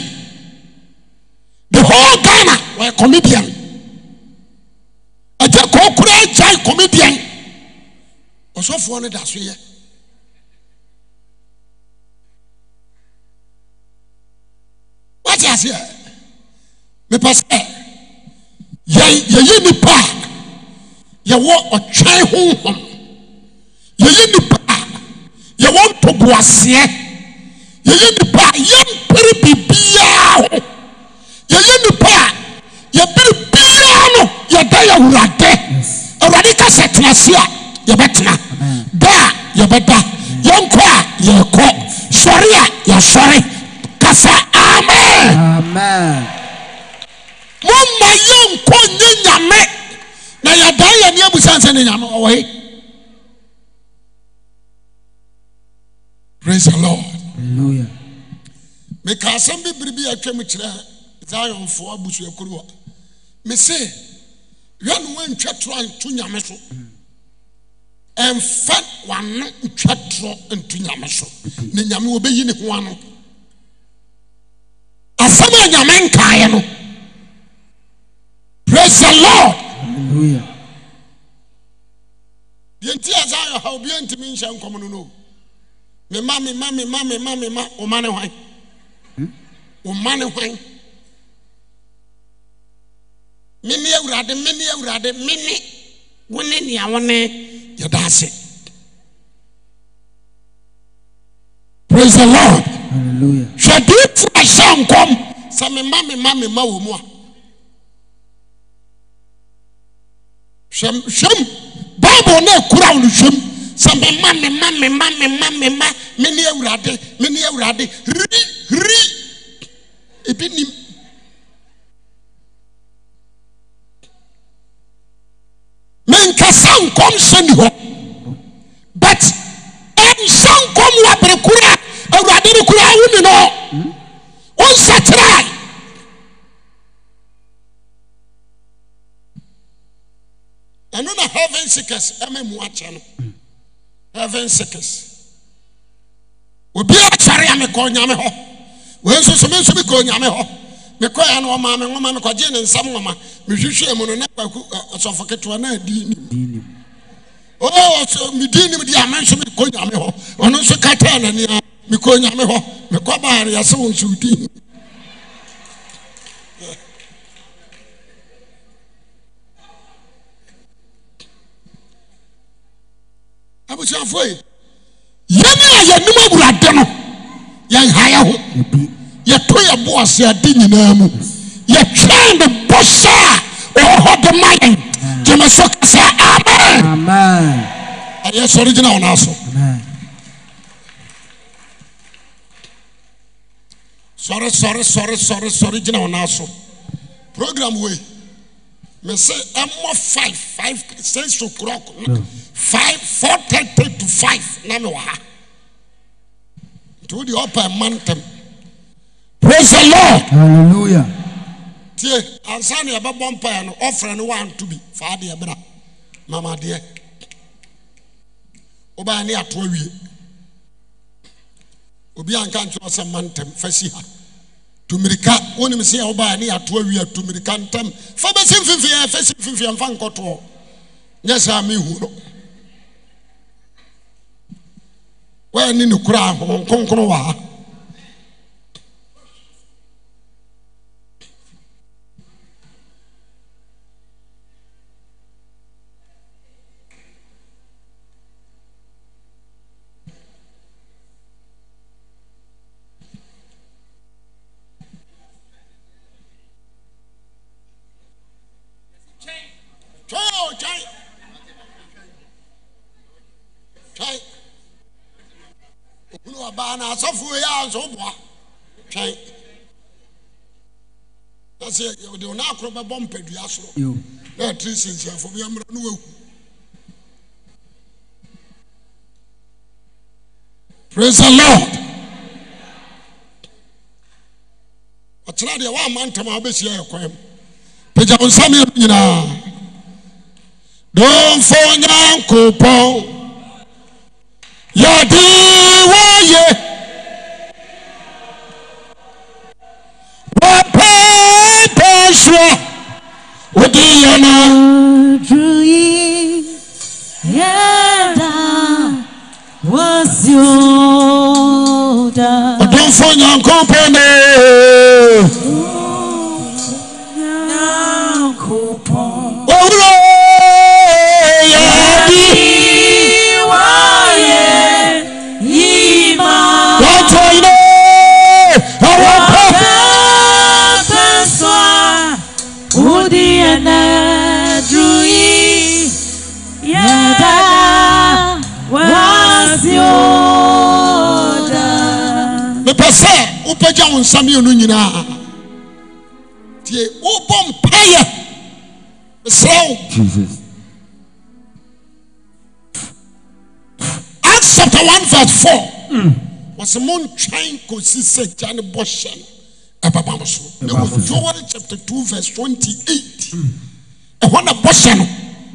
behɔl gama wɔyɛkɔme diɛn ɛgya kɔɔkora gyae kɔmediɛn ɔsɔfoɔ no da soyɛ wate aseɛ nipɛ sɛ yɛyi nnipa a yɛwɔ ɔtwɛn honhom yɛyi nnipa a yɛwɔ mpɔboaseɛ yɛyɛ nipa a yɛmpere bibiaa ho yɛyɛ nnipa a yɛpere biaa no yɛda yɛwuradɛ awurade ka sɛ tena asi a yɛbɛtena dɛ a yɛbɛda yɛnkɔ a yɛkɔ sɔre a yɛsɔre ka sa amen moma yɛnkɔ nyɛ nyame na yɛdan yɛneɛmu sane sɛ ne nyame ɔwɔye prs lr lyamekaasɛm bibirebi atwam kyerɛ saionfoɔ abusuakuru hɔ me se wɛno aa ntwatorɔ anto nyame so ɛmfɛ w'aano ntwatorɔ nto nyame so ne nyame wɔbɛyi ne ho ano asɛm a nyame nkaeɛ no pras e loweluya bienti a saion hawobiantiminhyɛ nkɔm no no mema mema mema mema mema ɔma ne hwan ɔma hmm? ne hwan mene awurade mene awurade mene wo ne nea wo ne yɛda ase praise the lord hwɛ de tia hyɛ nkɔm sɛ mema mema mema wɔ mu a hwɛm hwɛm bible na ɛkura wo hwɛm sɛ e mm menead mene awurade n menkasa nkɔm sa ni hɔ but sa nkɔm wabere koraa awurade nekoraa wo ne nɔɔ wonɛtera ɛno na heavensicus ama muakyɛ no 6 obiaa fare a mekɔ nyame hɔ i nso some nso mekɔ nyame hɔ mekɔɛ ne ɔmaa me oma mekɔgyee ne nsɛm homa mehwehwia mo no na bak ɔsɔfo ketoa ne adi nnim omdinnim deɛ a me nso mekɔ nyame hɔ ɔno nso kataa nanea mekɔɔ nyame hɔ mekɔ baarea sɛ wo nsodinim yɛnɛ a yɛanim awurade no yɛhayɛ ho yɛto yɛboɔse ade nyinaa mu yɛtwɛn ne bosɛ a ɔɔ hɔde maɛ gyemɛ so kasa amen ɛyɛ sɔre gyina onso rererereɔre gyina onso program i mesɛ mɔ 55 sɛnsocrok ftt to 5 na me waha nti wodeɛ ɔpɛ mantm pɛsɛlɛ te ansa ne abɛbɔ npɛɛ no ɔfrɛ ne waa ntobi faa deɛ bra mamadeɛ wobayɛ ne ato ie obi anka ntkyerɛ sɛ ma ntm fa si ha tomirika wonim si ɛ wobaɛ ne yatoa wiea tomirika ntam fɛ bɛsi mffiɛ fɛ si mfifiɛ mfa nkɔtoɔ nyɛsa mehoro wa ni ne kora kkro wa asɛfoyɛasoooa twɛnɛwewonoobɛɔ mpada soo ne at sɛnsiafoyɛmɔ no wahu prs lord ɔkerɛdeɛ womantama wobɛsia yɛ k m pgyawo nsɛeɛno nyinaa mfo nyankoɔn yɛde woyɛ yẹn ni. ojú yìí ẹ̀dá wọ́n ɛ h1 vs4 wosɛmontwɛn kɔsi sɛ gya ne bɔ hyɛ no ɛbabam so jol chape 2 vers 28 hɔ na bɔ hyɛ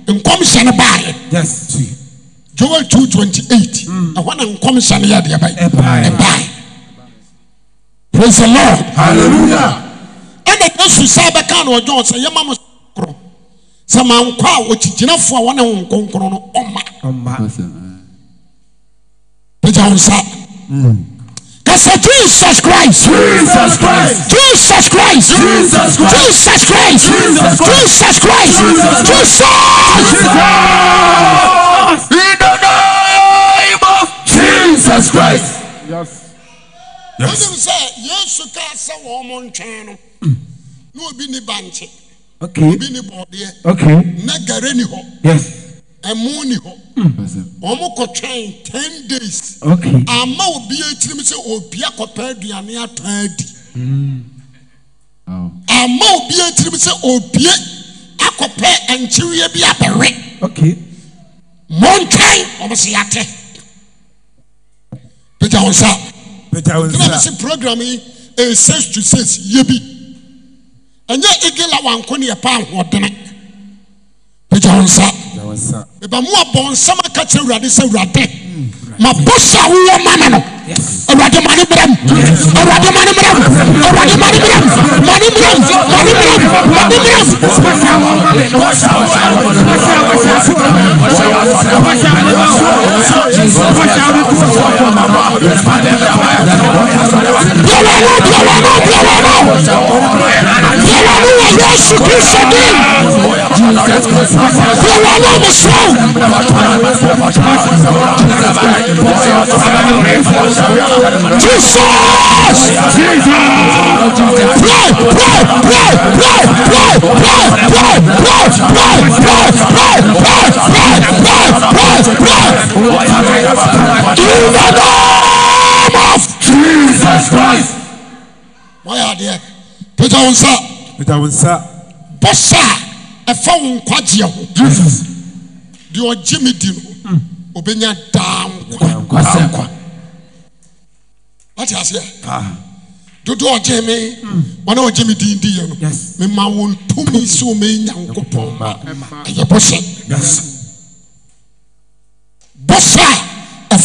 no nkɔm hyɛ no baaɛ jl 228 ɛhɔ na nkɔm hyɛ no yɛ deɛ bayɛbaɛ praise the lord hallelujah ɛna yesu sá bɛka na ɔjɔ sɛ yɛ ma mo korɔ sɛ maa nkɔ a ɔkyikyinafo a wɔne wɔn nkonkoro no ɔma ɔma pagya wɔn nsa. Kasa Jesus Christ. Jesus Christ. Jesus Christ. Jesus Christ. Jesus Christ. Jesus Christ. Jesus Christ. In the name of Jesus Christ. Yes. Yes. sukasɛ wɔ mɔ ntwɛn no ne obi nni ba nkyeobi nni bɔɔdeɛ ne garani hɔ moni hɔ hmm. ɔmɔ kɔtwɛn 10 days ama obiakyirim sɛ obie akɔpɛɛ duane ataa di hmm. ama obiakirim sɛ obie akɔpɛ nkyereɛ bi abɛre montwan ɔmɛso yts prograyi eɛses tuses yɛ bi ɛnyɛ ɛgela wankone yɛpaa hoɔdene bɛgya wɔ nsa ɛbɛ moabɔnsɛm aka teɛ wurade sɛ wurade ma bosa woɔ mane no awurade ma ne mmerɛ m awurade ma ne mmerɛ m awurade ma ne mmerɛ m ma ne mmerɛ m ma ne mmerɛ m ma ne mmerɛ m. Yesu Kristo din. Yẹ̀wò ọmọ mi sọ. Jesus! pai, pai, pai, pai, pai, pai, pai, pai, pai, pai, pai, pai, pai, pai, pai, pai, pai, pai, pai, Jesus Christ. pai, pai, pai, pai, pai, pai, pai, pai, pai, pai, pai, pai, Jesus. pai, pai, pai, pai, pai, pai, pai, pai, pai, pai, nkwa. hatiasia dodʋ ah. ɔdjeme wane ɔdieme didiano memawol tome soomeiyaŋkʋpoma ajɛ bʋsɛ ʋɛ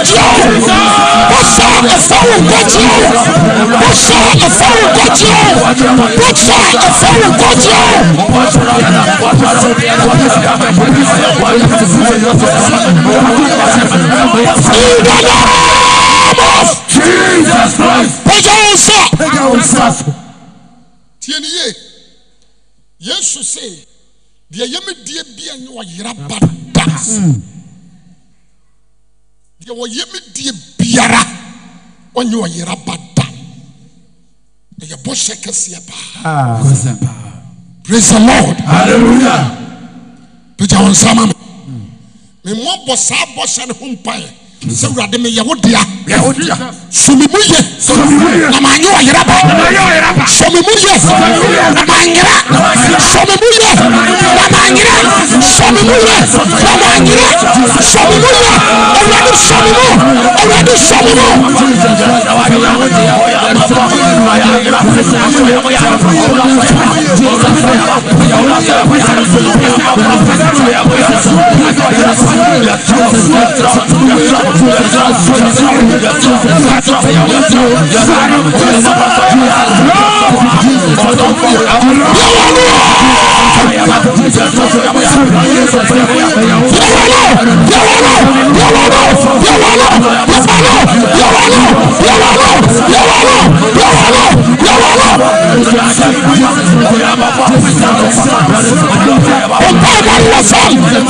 bɛkyerɛ wo bɛhyɛ ɛfa wo bɛkyerɛ wo bɛhyɛ ɛfa wo bɛkyerɛ wo bɛhyɛ ɛfa wo bɛkyerɛ wo. in the name of Jesus Christ. Pẹ̀jọ́ wọn sọ. Pẹ̀jọ́ wọn sọ. ɔnnyɛ wɔ yera bada ayɛbɔhyɛ kɛseɛ paa pa r tigya wonsama m me mmɔ bɔsaa bɔhyɛ ne ho mpae sɛ wurade mi yɛ wo mu na maa ba mu na maa mu na maa mu na maa mu mu mu. Very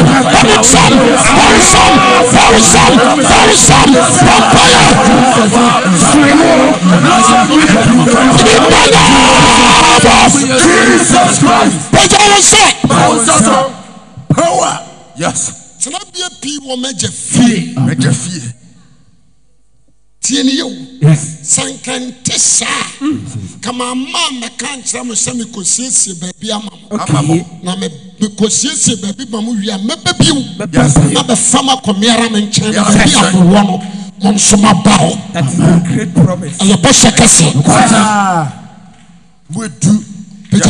You very sound, very sound ransom from fire. In the name of Jesus Christ. But I will say, power. Yes. Tena bia pii wɔ mɛgye fie. Mɛgye fie. sɛnkante saa mm. kamama maka nkyerɛ m sɛ mekɔsiesie baabi amam na mkɔsiesie baabi ma mo wiea maba bi wo na bɛfamakɔmeara menkyɛn na baabi amowɔ no monsomaba o ɛyɛbɔsɛkɛsɛ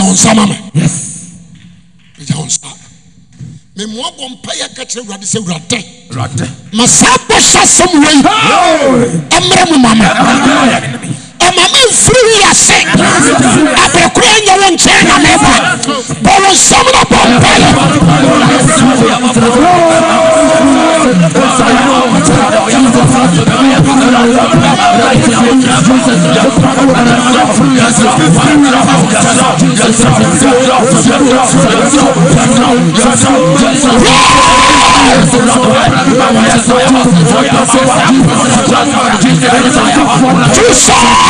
ao ns ma ma s muagɔmpa yɛ ka terɛ wurade sɛ wuratɛ ma saa kɔ sa som wei ɛmerɛ mu nama ɛma me mfiri wi ase abɛkora nyɛ wo nkyɛn na meba bɔ wo nsɛm no bɔmpɛyɛ Jesus!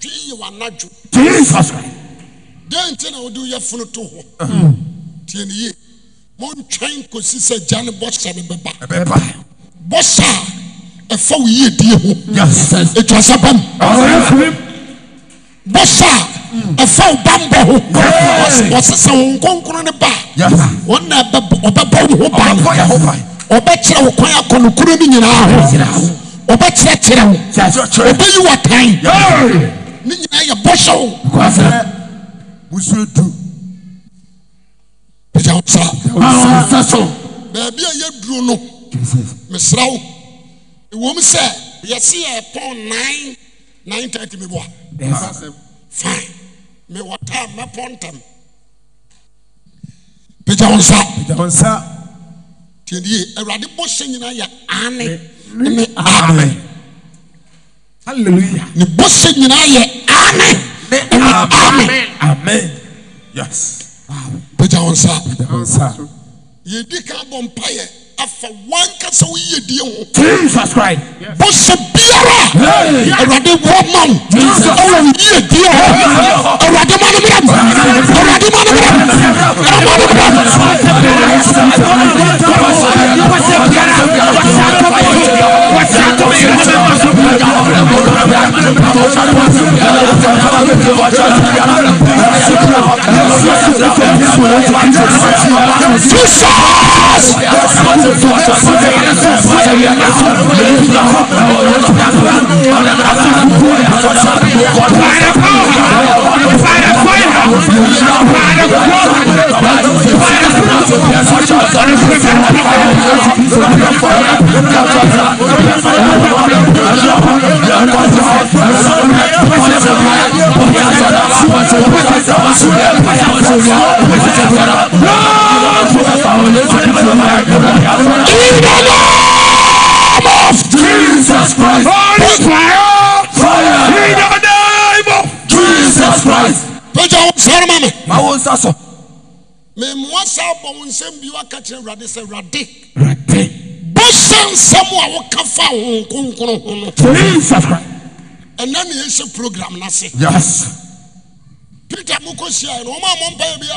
dwi yɛ w'anadwo. jesus christ. den ti na o de yɛ funu to hɔ. tie ni ye mo n twɛn ko sisan ja ni bɔsa mi bɛ ba. ɛ bɛ ba. bɔsa ɛfɔ wo yie die ho. yes etu asa bam. bɔsa ɛfɔ wo ban ho. wɔsisan wo nkonkoro ni ba. wɔn na ɔbɛ bɔ wo ho ban. ɔbɛ kyerɛ wo kwan akɔnukuru ni nyinaa ho. ɔbɛ kyerɛkyerɛ wo. ɔbɛ yi wa tan. ne nyinaa yɛ bɔhyɛ wo baabi a yɛduro no mesra wo ɛwom sɛ yɛse yɛ pɔ nnatatimbɔa fa mewɔta mɛpɔntam awurade bɔhyɛ nyinaa yɛ ane me ame lni bosɛ nyina yɛ amen asa yɛdi ka bɔmpa yɛ afa wanka sɛ woyɛ die ho jesus christ bɔsɛ biara awurade wɔma m ɛwɔ woyɛ die hɔ awurade ma no mmerɛm awurade ma no mmerɛm Jesus! Fire! In the Jesus Christ. Holy fire. Fire. In the name Jesus Christ. Pẹ̀jọ́ àwọn sọ̀rọ̀ mọ́ mi. Màá wo nsá sọ. Mèmúwa sá bọ̀ wọn nsẹ́m bí wá Rade Rade. Rade. Jesus Christ. Ẹ̀nà ni yẹn ṣe Yes. Peter mú kó sí àyẹ̀wò, wọ́n máa mọ̀ n pa ẹ̀bi yà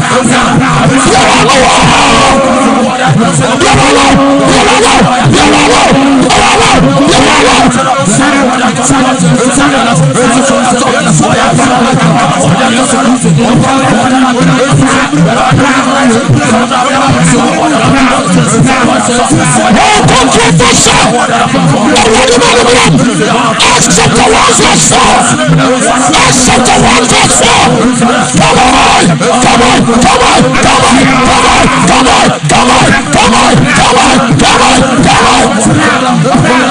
Yabalo, yabalo, yabalo, yabalo. Accept the ones that saw. Accept the ones that saw. Come on, come on, come on, come on, come on, come on, come on, come on, come on, come on, come on, come on.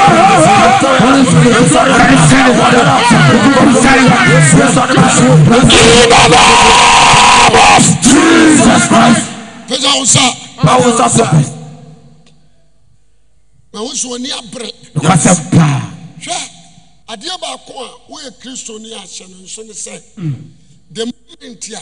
Jesus Christ. Fẹ́sẹ̀ àwọn sá. Báwo sá sọ? Màwọn sọ ní abẹrẹ. Wàsẹ̀ bá. Hwẹ́ adeɛ baako a woyɛ kristo ni ahyɛ no nso ne sɛ the moment a.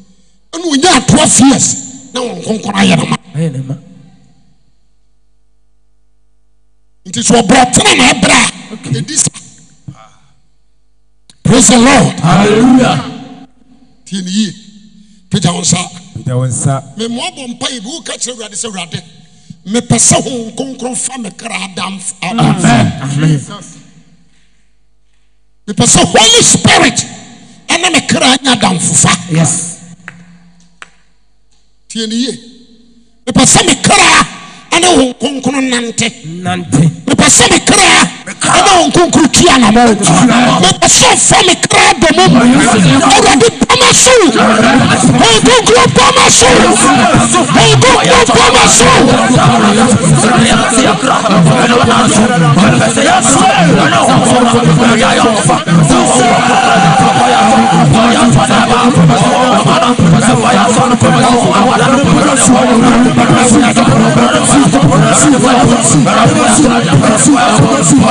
ɛna ɔnya twelve years na wɔn nkonkoro ayɛ ne ma. ayɛ ne ma. nti a praise the lord hallelujah tie ne yie pagya wo vous pagya wo nsa bɔ vous yi bi woka kyerɛ fils. sɛ awurade mepɛ sɛ ho nkonkron fa Adam. holy spirit ɛne me kra yes teniye me pa sɛmi kra ane ho konkʋno nant epsɛmi kra ɛna wɔn nkonkuru tu anamɔ mɛpɛsɛ fɛ mi kra bɔ mu awurade bɔma so nkonkuru bɔma so nkonkuru bɔma so. Thank you.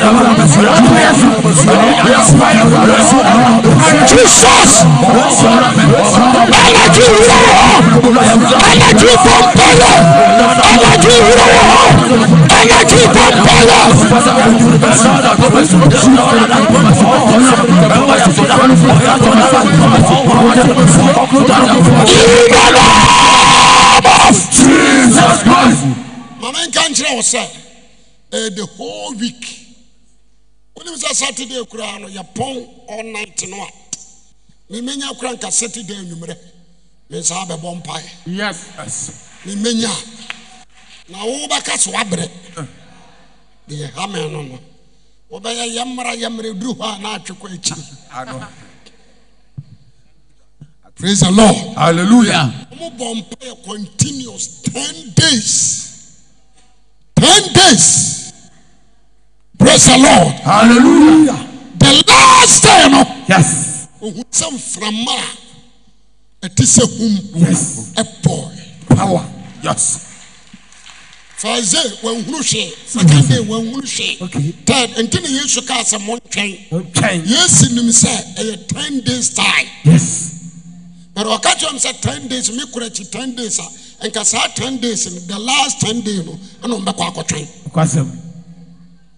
Jesus ẹlẹ́jì wúrọ̀ wọ̀ ẹlẹ́jì pọ̀npẹ́ wọ̀ ẹlẹ́jì wúrọ̀ wọ̀ ẹlẹ́jì pọ̀npẹ́ wọ̀. Jesus Christ. Mama n kan kyerɛ wo sɛ the whole week. nm sɛ saturday kuraa no yɛpɔn ɔnnt no a ne mɛnya kora nka saturday anwumerɛ me sa bɛbɔmpaɛ memmɛnya na wo bɛka so waberɛ deyɛ ha me no no wobɛyɛ yɛmmra yɛmmerɛ duruhɔ a na atwekɔ akyipom bɔmpaɛ continuous 0 days 10 days asɛmfama a ts hu psue sdaueentine yesu ka a sɛmo ntwɛn yesinim sɛ ɛyɛ 10 days tae but ɔka kyerɛ me sɛ 10 days mekorɛkyi 10n das a nkasaa 10n days n the last 10n day no nembɛkɔ akɔtwɛn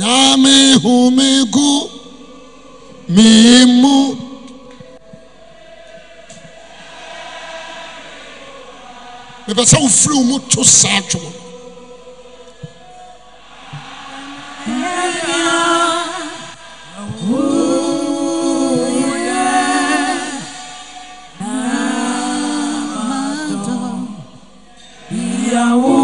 nyame home gu mii mu mepɛ sɛ wofiri wo mu to saa dwom Yeah,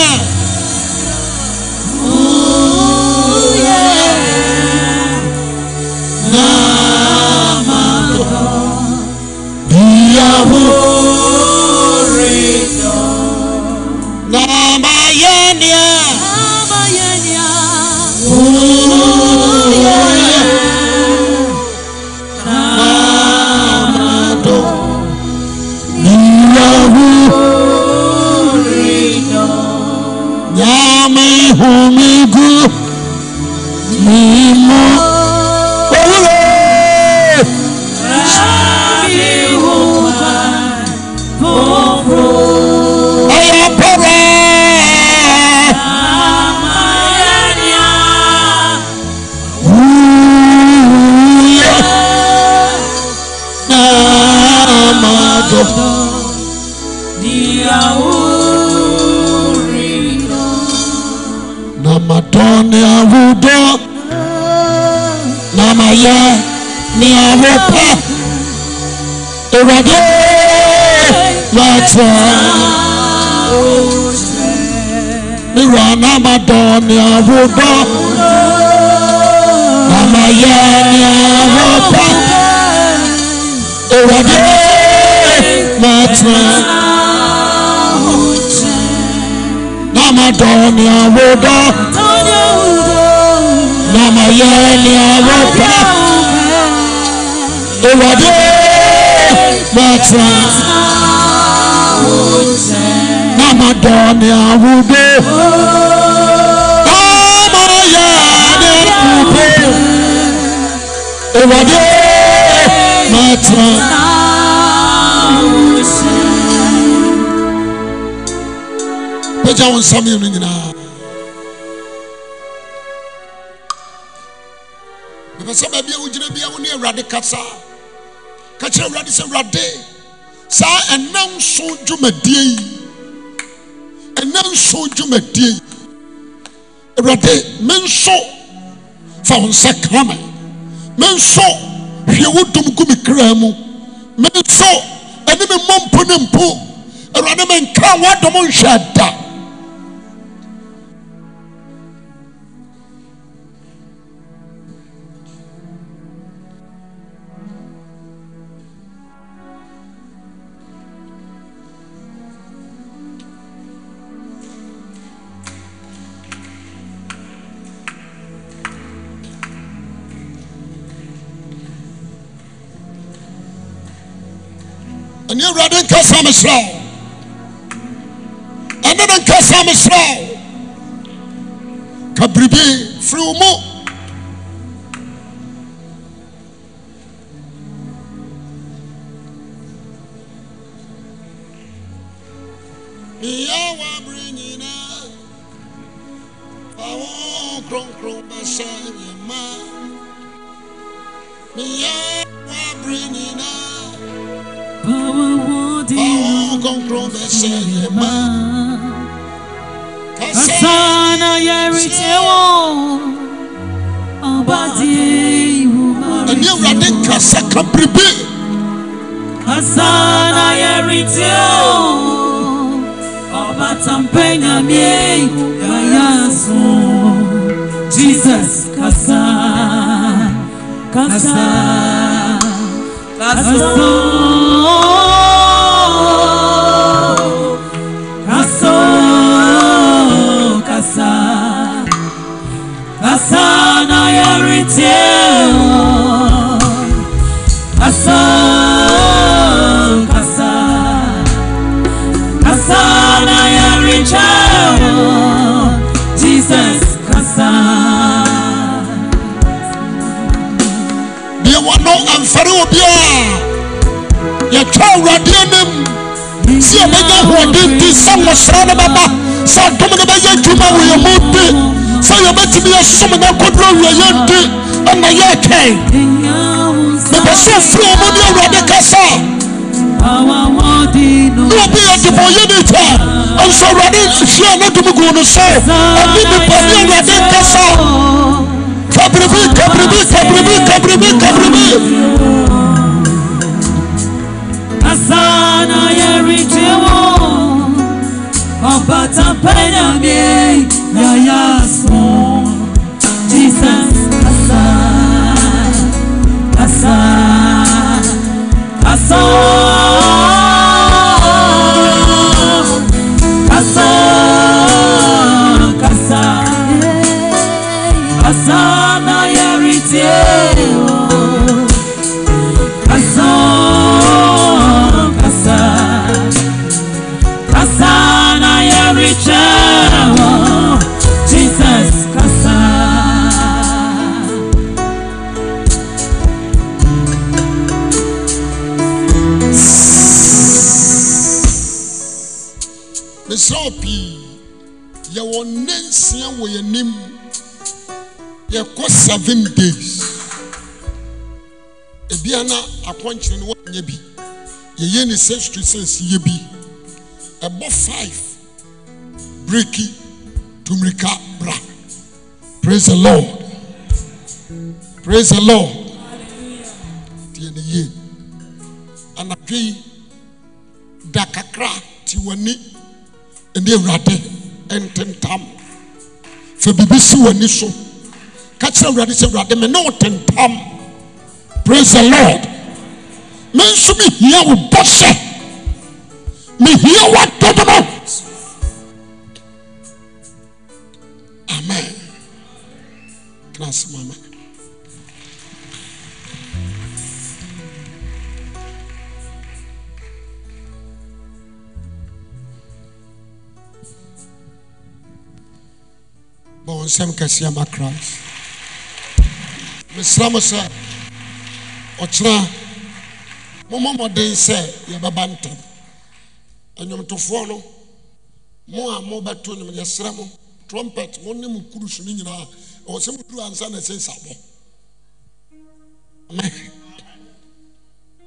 ni awudɔ n'amayɛ ni awopɛ ewurade yɛtɛ ni wa n'amadɔ ni awudɔ n'amayɛ ni awopɛ ewurade yɛtɛ. Madonna, Madonna. yẹn ni ọwọ́ fà ìwádìí mọ̀tà mama dọ̀ni àwùdé ọmọ yà ni kùdé ìwádìí mọ̀tà. Pẹ̀já wọn sámi yẹn nyinaa. sɛ baabia wo gyina bia wo ne awurade kasaa kakyerɛ awurade sɛ awurade saa ɛna nso dwumadiɛ yi ɛna nso dwumadiɛ yi awurade menso fawo nsɛ kaama menso hwiɛ wo dom gumi kraa mu menso ɛni me mɔ mpo ne mpo awurade menkra woadɔmɔ nhwɛ ada ɛne awurade nka sa mesrɛ ɛne ne nka sa mesrɛ wo ka biribi firi wo mu Ìyá wa bìrì nyinaa, àwọn kúrònkúròn bá ṣe yẹn máa. Ìyá wa bìrì nyinaa. Oh, conqueror, Kasana yerisewo abadi iwuma. Ẹni ewurade nkasa kapiribe. Kasana yerisewo batampenya mie yayaso Jesus kasa kasa kasa, kasa. cielo Asam kasa Kasa na yari cielo Jesus kasa Deɛ wano amfare obi a yɛtwa awurade anim sɛ yɛbɛnya ahoɔden di sɛ a no bɛba sɛ adom no bɛyɛ adwuma wɔ yɛ mu sɛ yɛbɛtumi yɛsom na nkɔduro awia yɛndi ɛna yɛkɛn mepɛ sɛ ofiri ɔmo ne awurade kasa ne obi yɛ debɔyɛ ne ta ɛnso awurade hyia ne dom gu no so ɛne nipa ne awurade nkasa kabiribi kabiribi kabiribi kabiribi kabiribi asana yẹrìndínwó ọ̀bàtà pẹ́yàmí yàyà. passar. Passou. yɛ ne self christians yɛ bi ɛbɔ five breki tumirika bra praise the lord praise the lord deɛ ne yie anadwe yi da kakra te w'ani ne awurade ntentam fa biribi si w'ani so ka kyerɛ awurade sɛ awurade me ne wo tentam praise the lord. nanso mehia wo bɔ sɛ mehia woatɔdɔmɔ amen krase mama bɔ nsɛm kɛseɛ ma kras mesra mo sɛ ɔkyerɛ momamɔden sɛ yɛbɛba ntam anwontofoɔ no mo a mobɛto o yɛserɛ m trumpet monem kuru so no nyinaa ɔwɔ sɛmdur ansa na sɛsa bɔ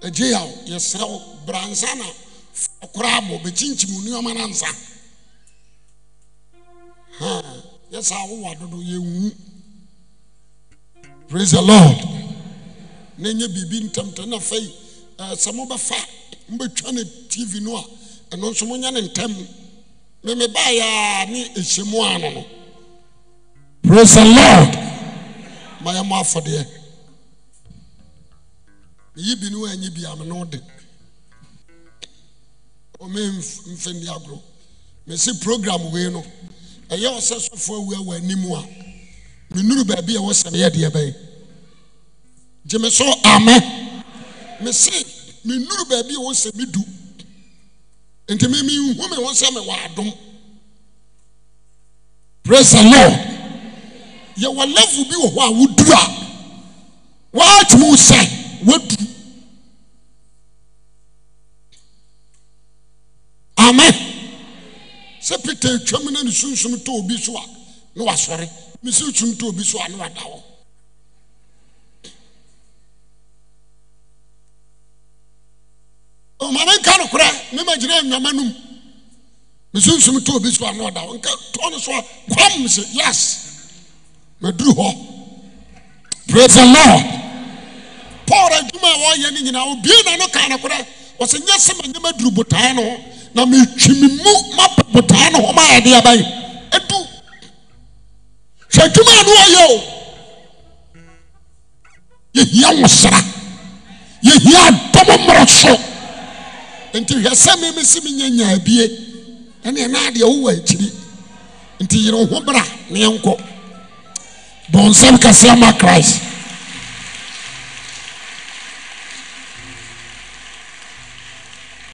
agye aw yɛserɛ wo brɛnsa na fɔkora bɔ bɛkyinkyim nnoɔma no ansa yɛ saa wowa dodo yɛnwu prais he lord nenyɛ biribi ntam ta nna fɛi Ah, sɛ mobɛfa mobɛtwa ne tv no a ɛno nso monyɛ ne ntam me meba yɛ a ne hyemu a no no prosen lord mayɛ mo afɔdeɛ meyi bi no waanyi bi a me node me mfemi aborɔ mese program wei no ɛyɛ ɔ sɛ sɛfoɔ awua w' animu a menuru baabi a wɔsɛmeyɛdeɛ bɛɛ gyeme so ame me se mennuru baabi a wo sɛ me du enti memenhume wo sɛ me wɔadom preslaw yɛw'alafo bi wɔ hɔ a wodu a w'adwem wo sɛ wodu ame sɛ peta twamu no ne sunsum tɔbi so a ne wasɔre mesunsum tɔɔbi so a ne wada wɔ me magyina nnuama nom mesunsum tɔɔbi so a no ɔdaw nkɛ tɔ ne so a kɔm m sɛ yas maduru hɔ prese loɔ paur adwuma a wɔɔyɛ no nyinaa obie na no kaa nokora ɔsɛ nyɛ sɛ manyɛ maduru botae no ho na metwim mu mapa botae no hɔ maayɛde abane adu hɛ adwumaa no ɔyɛ o yɛhia wosara yɛhia adɔm mmorɔso nti wɛ sɛ memɛsemnya nyabie ɛne ɛnaadeɛ wo wa akyiri nti yereho bra neɛnkɔ bɔnnsɛmkasea ma christ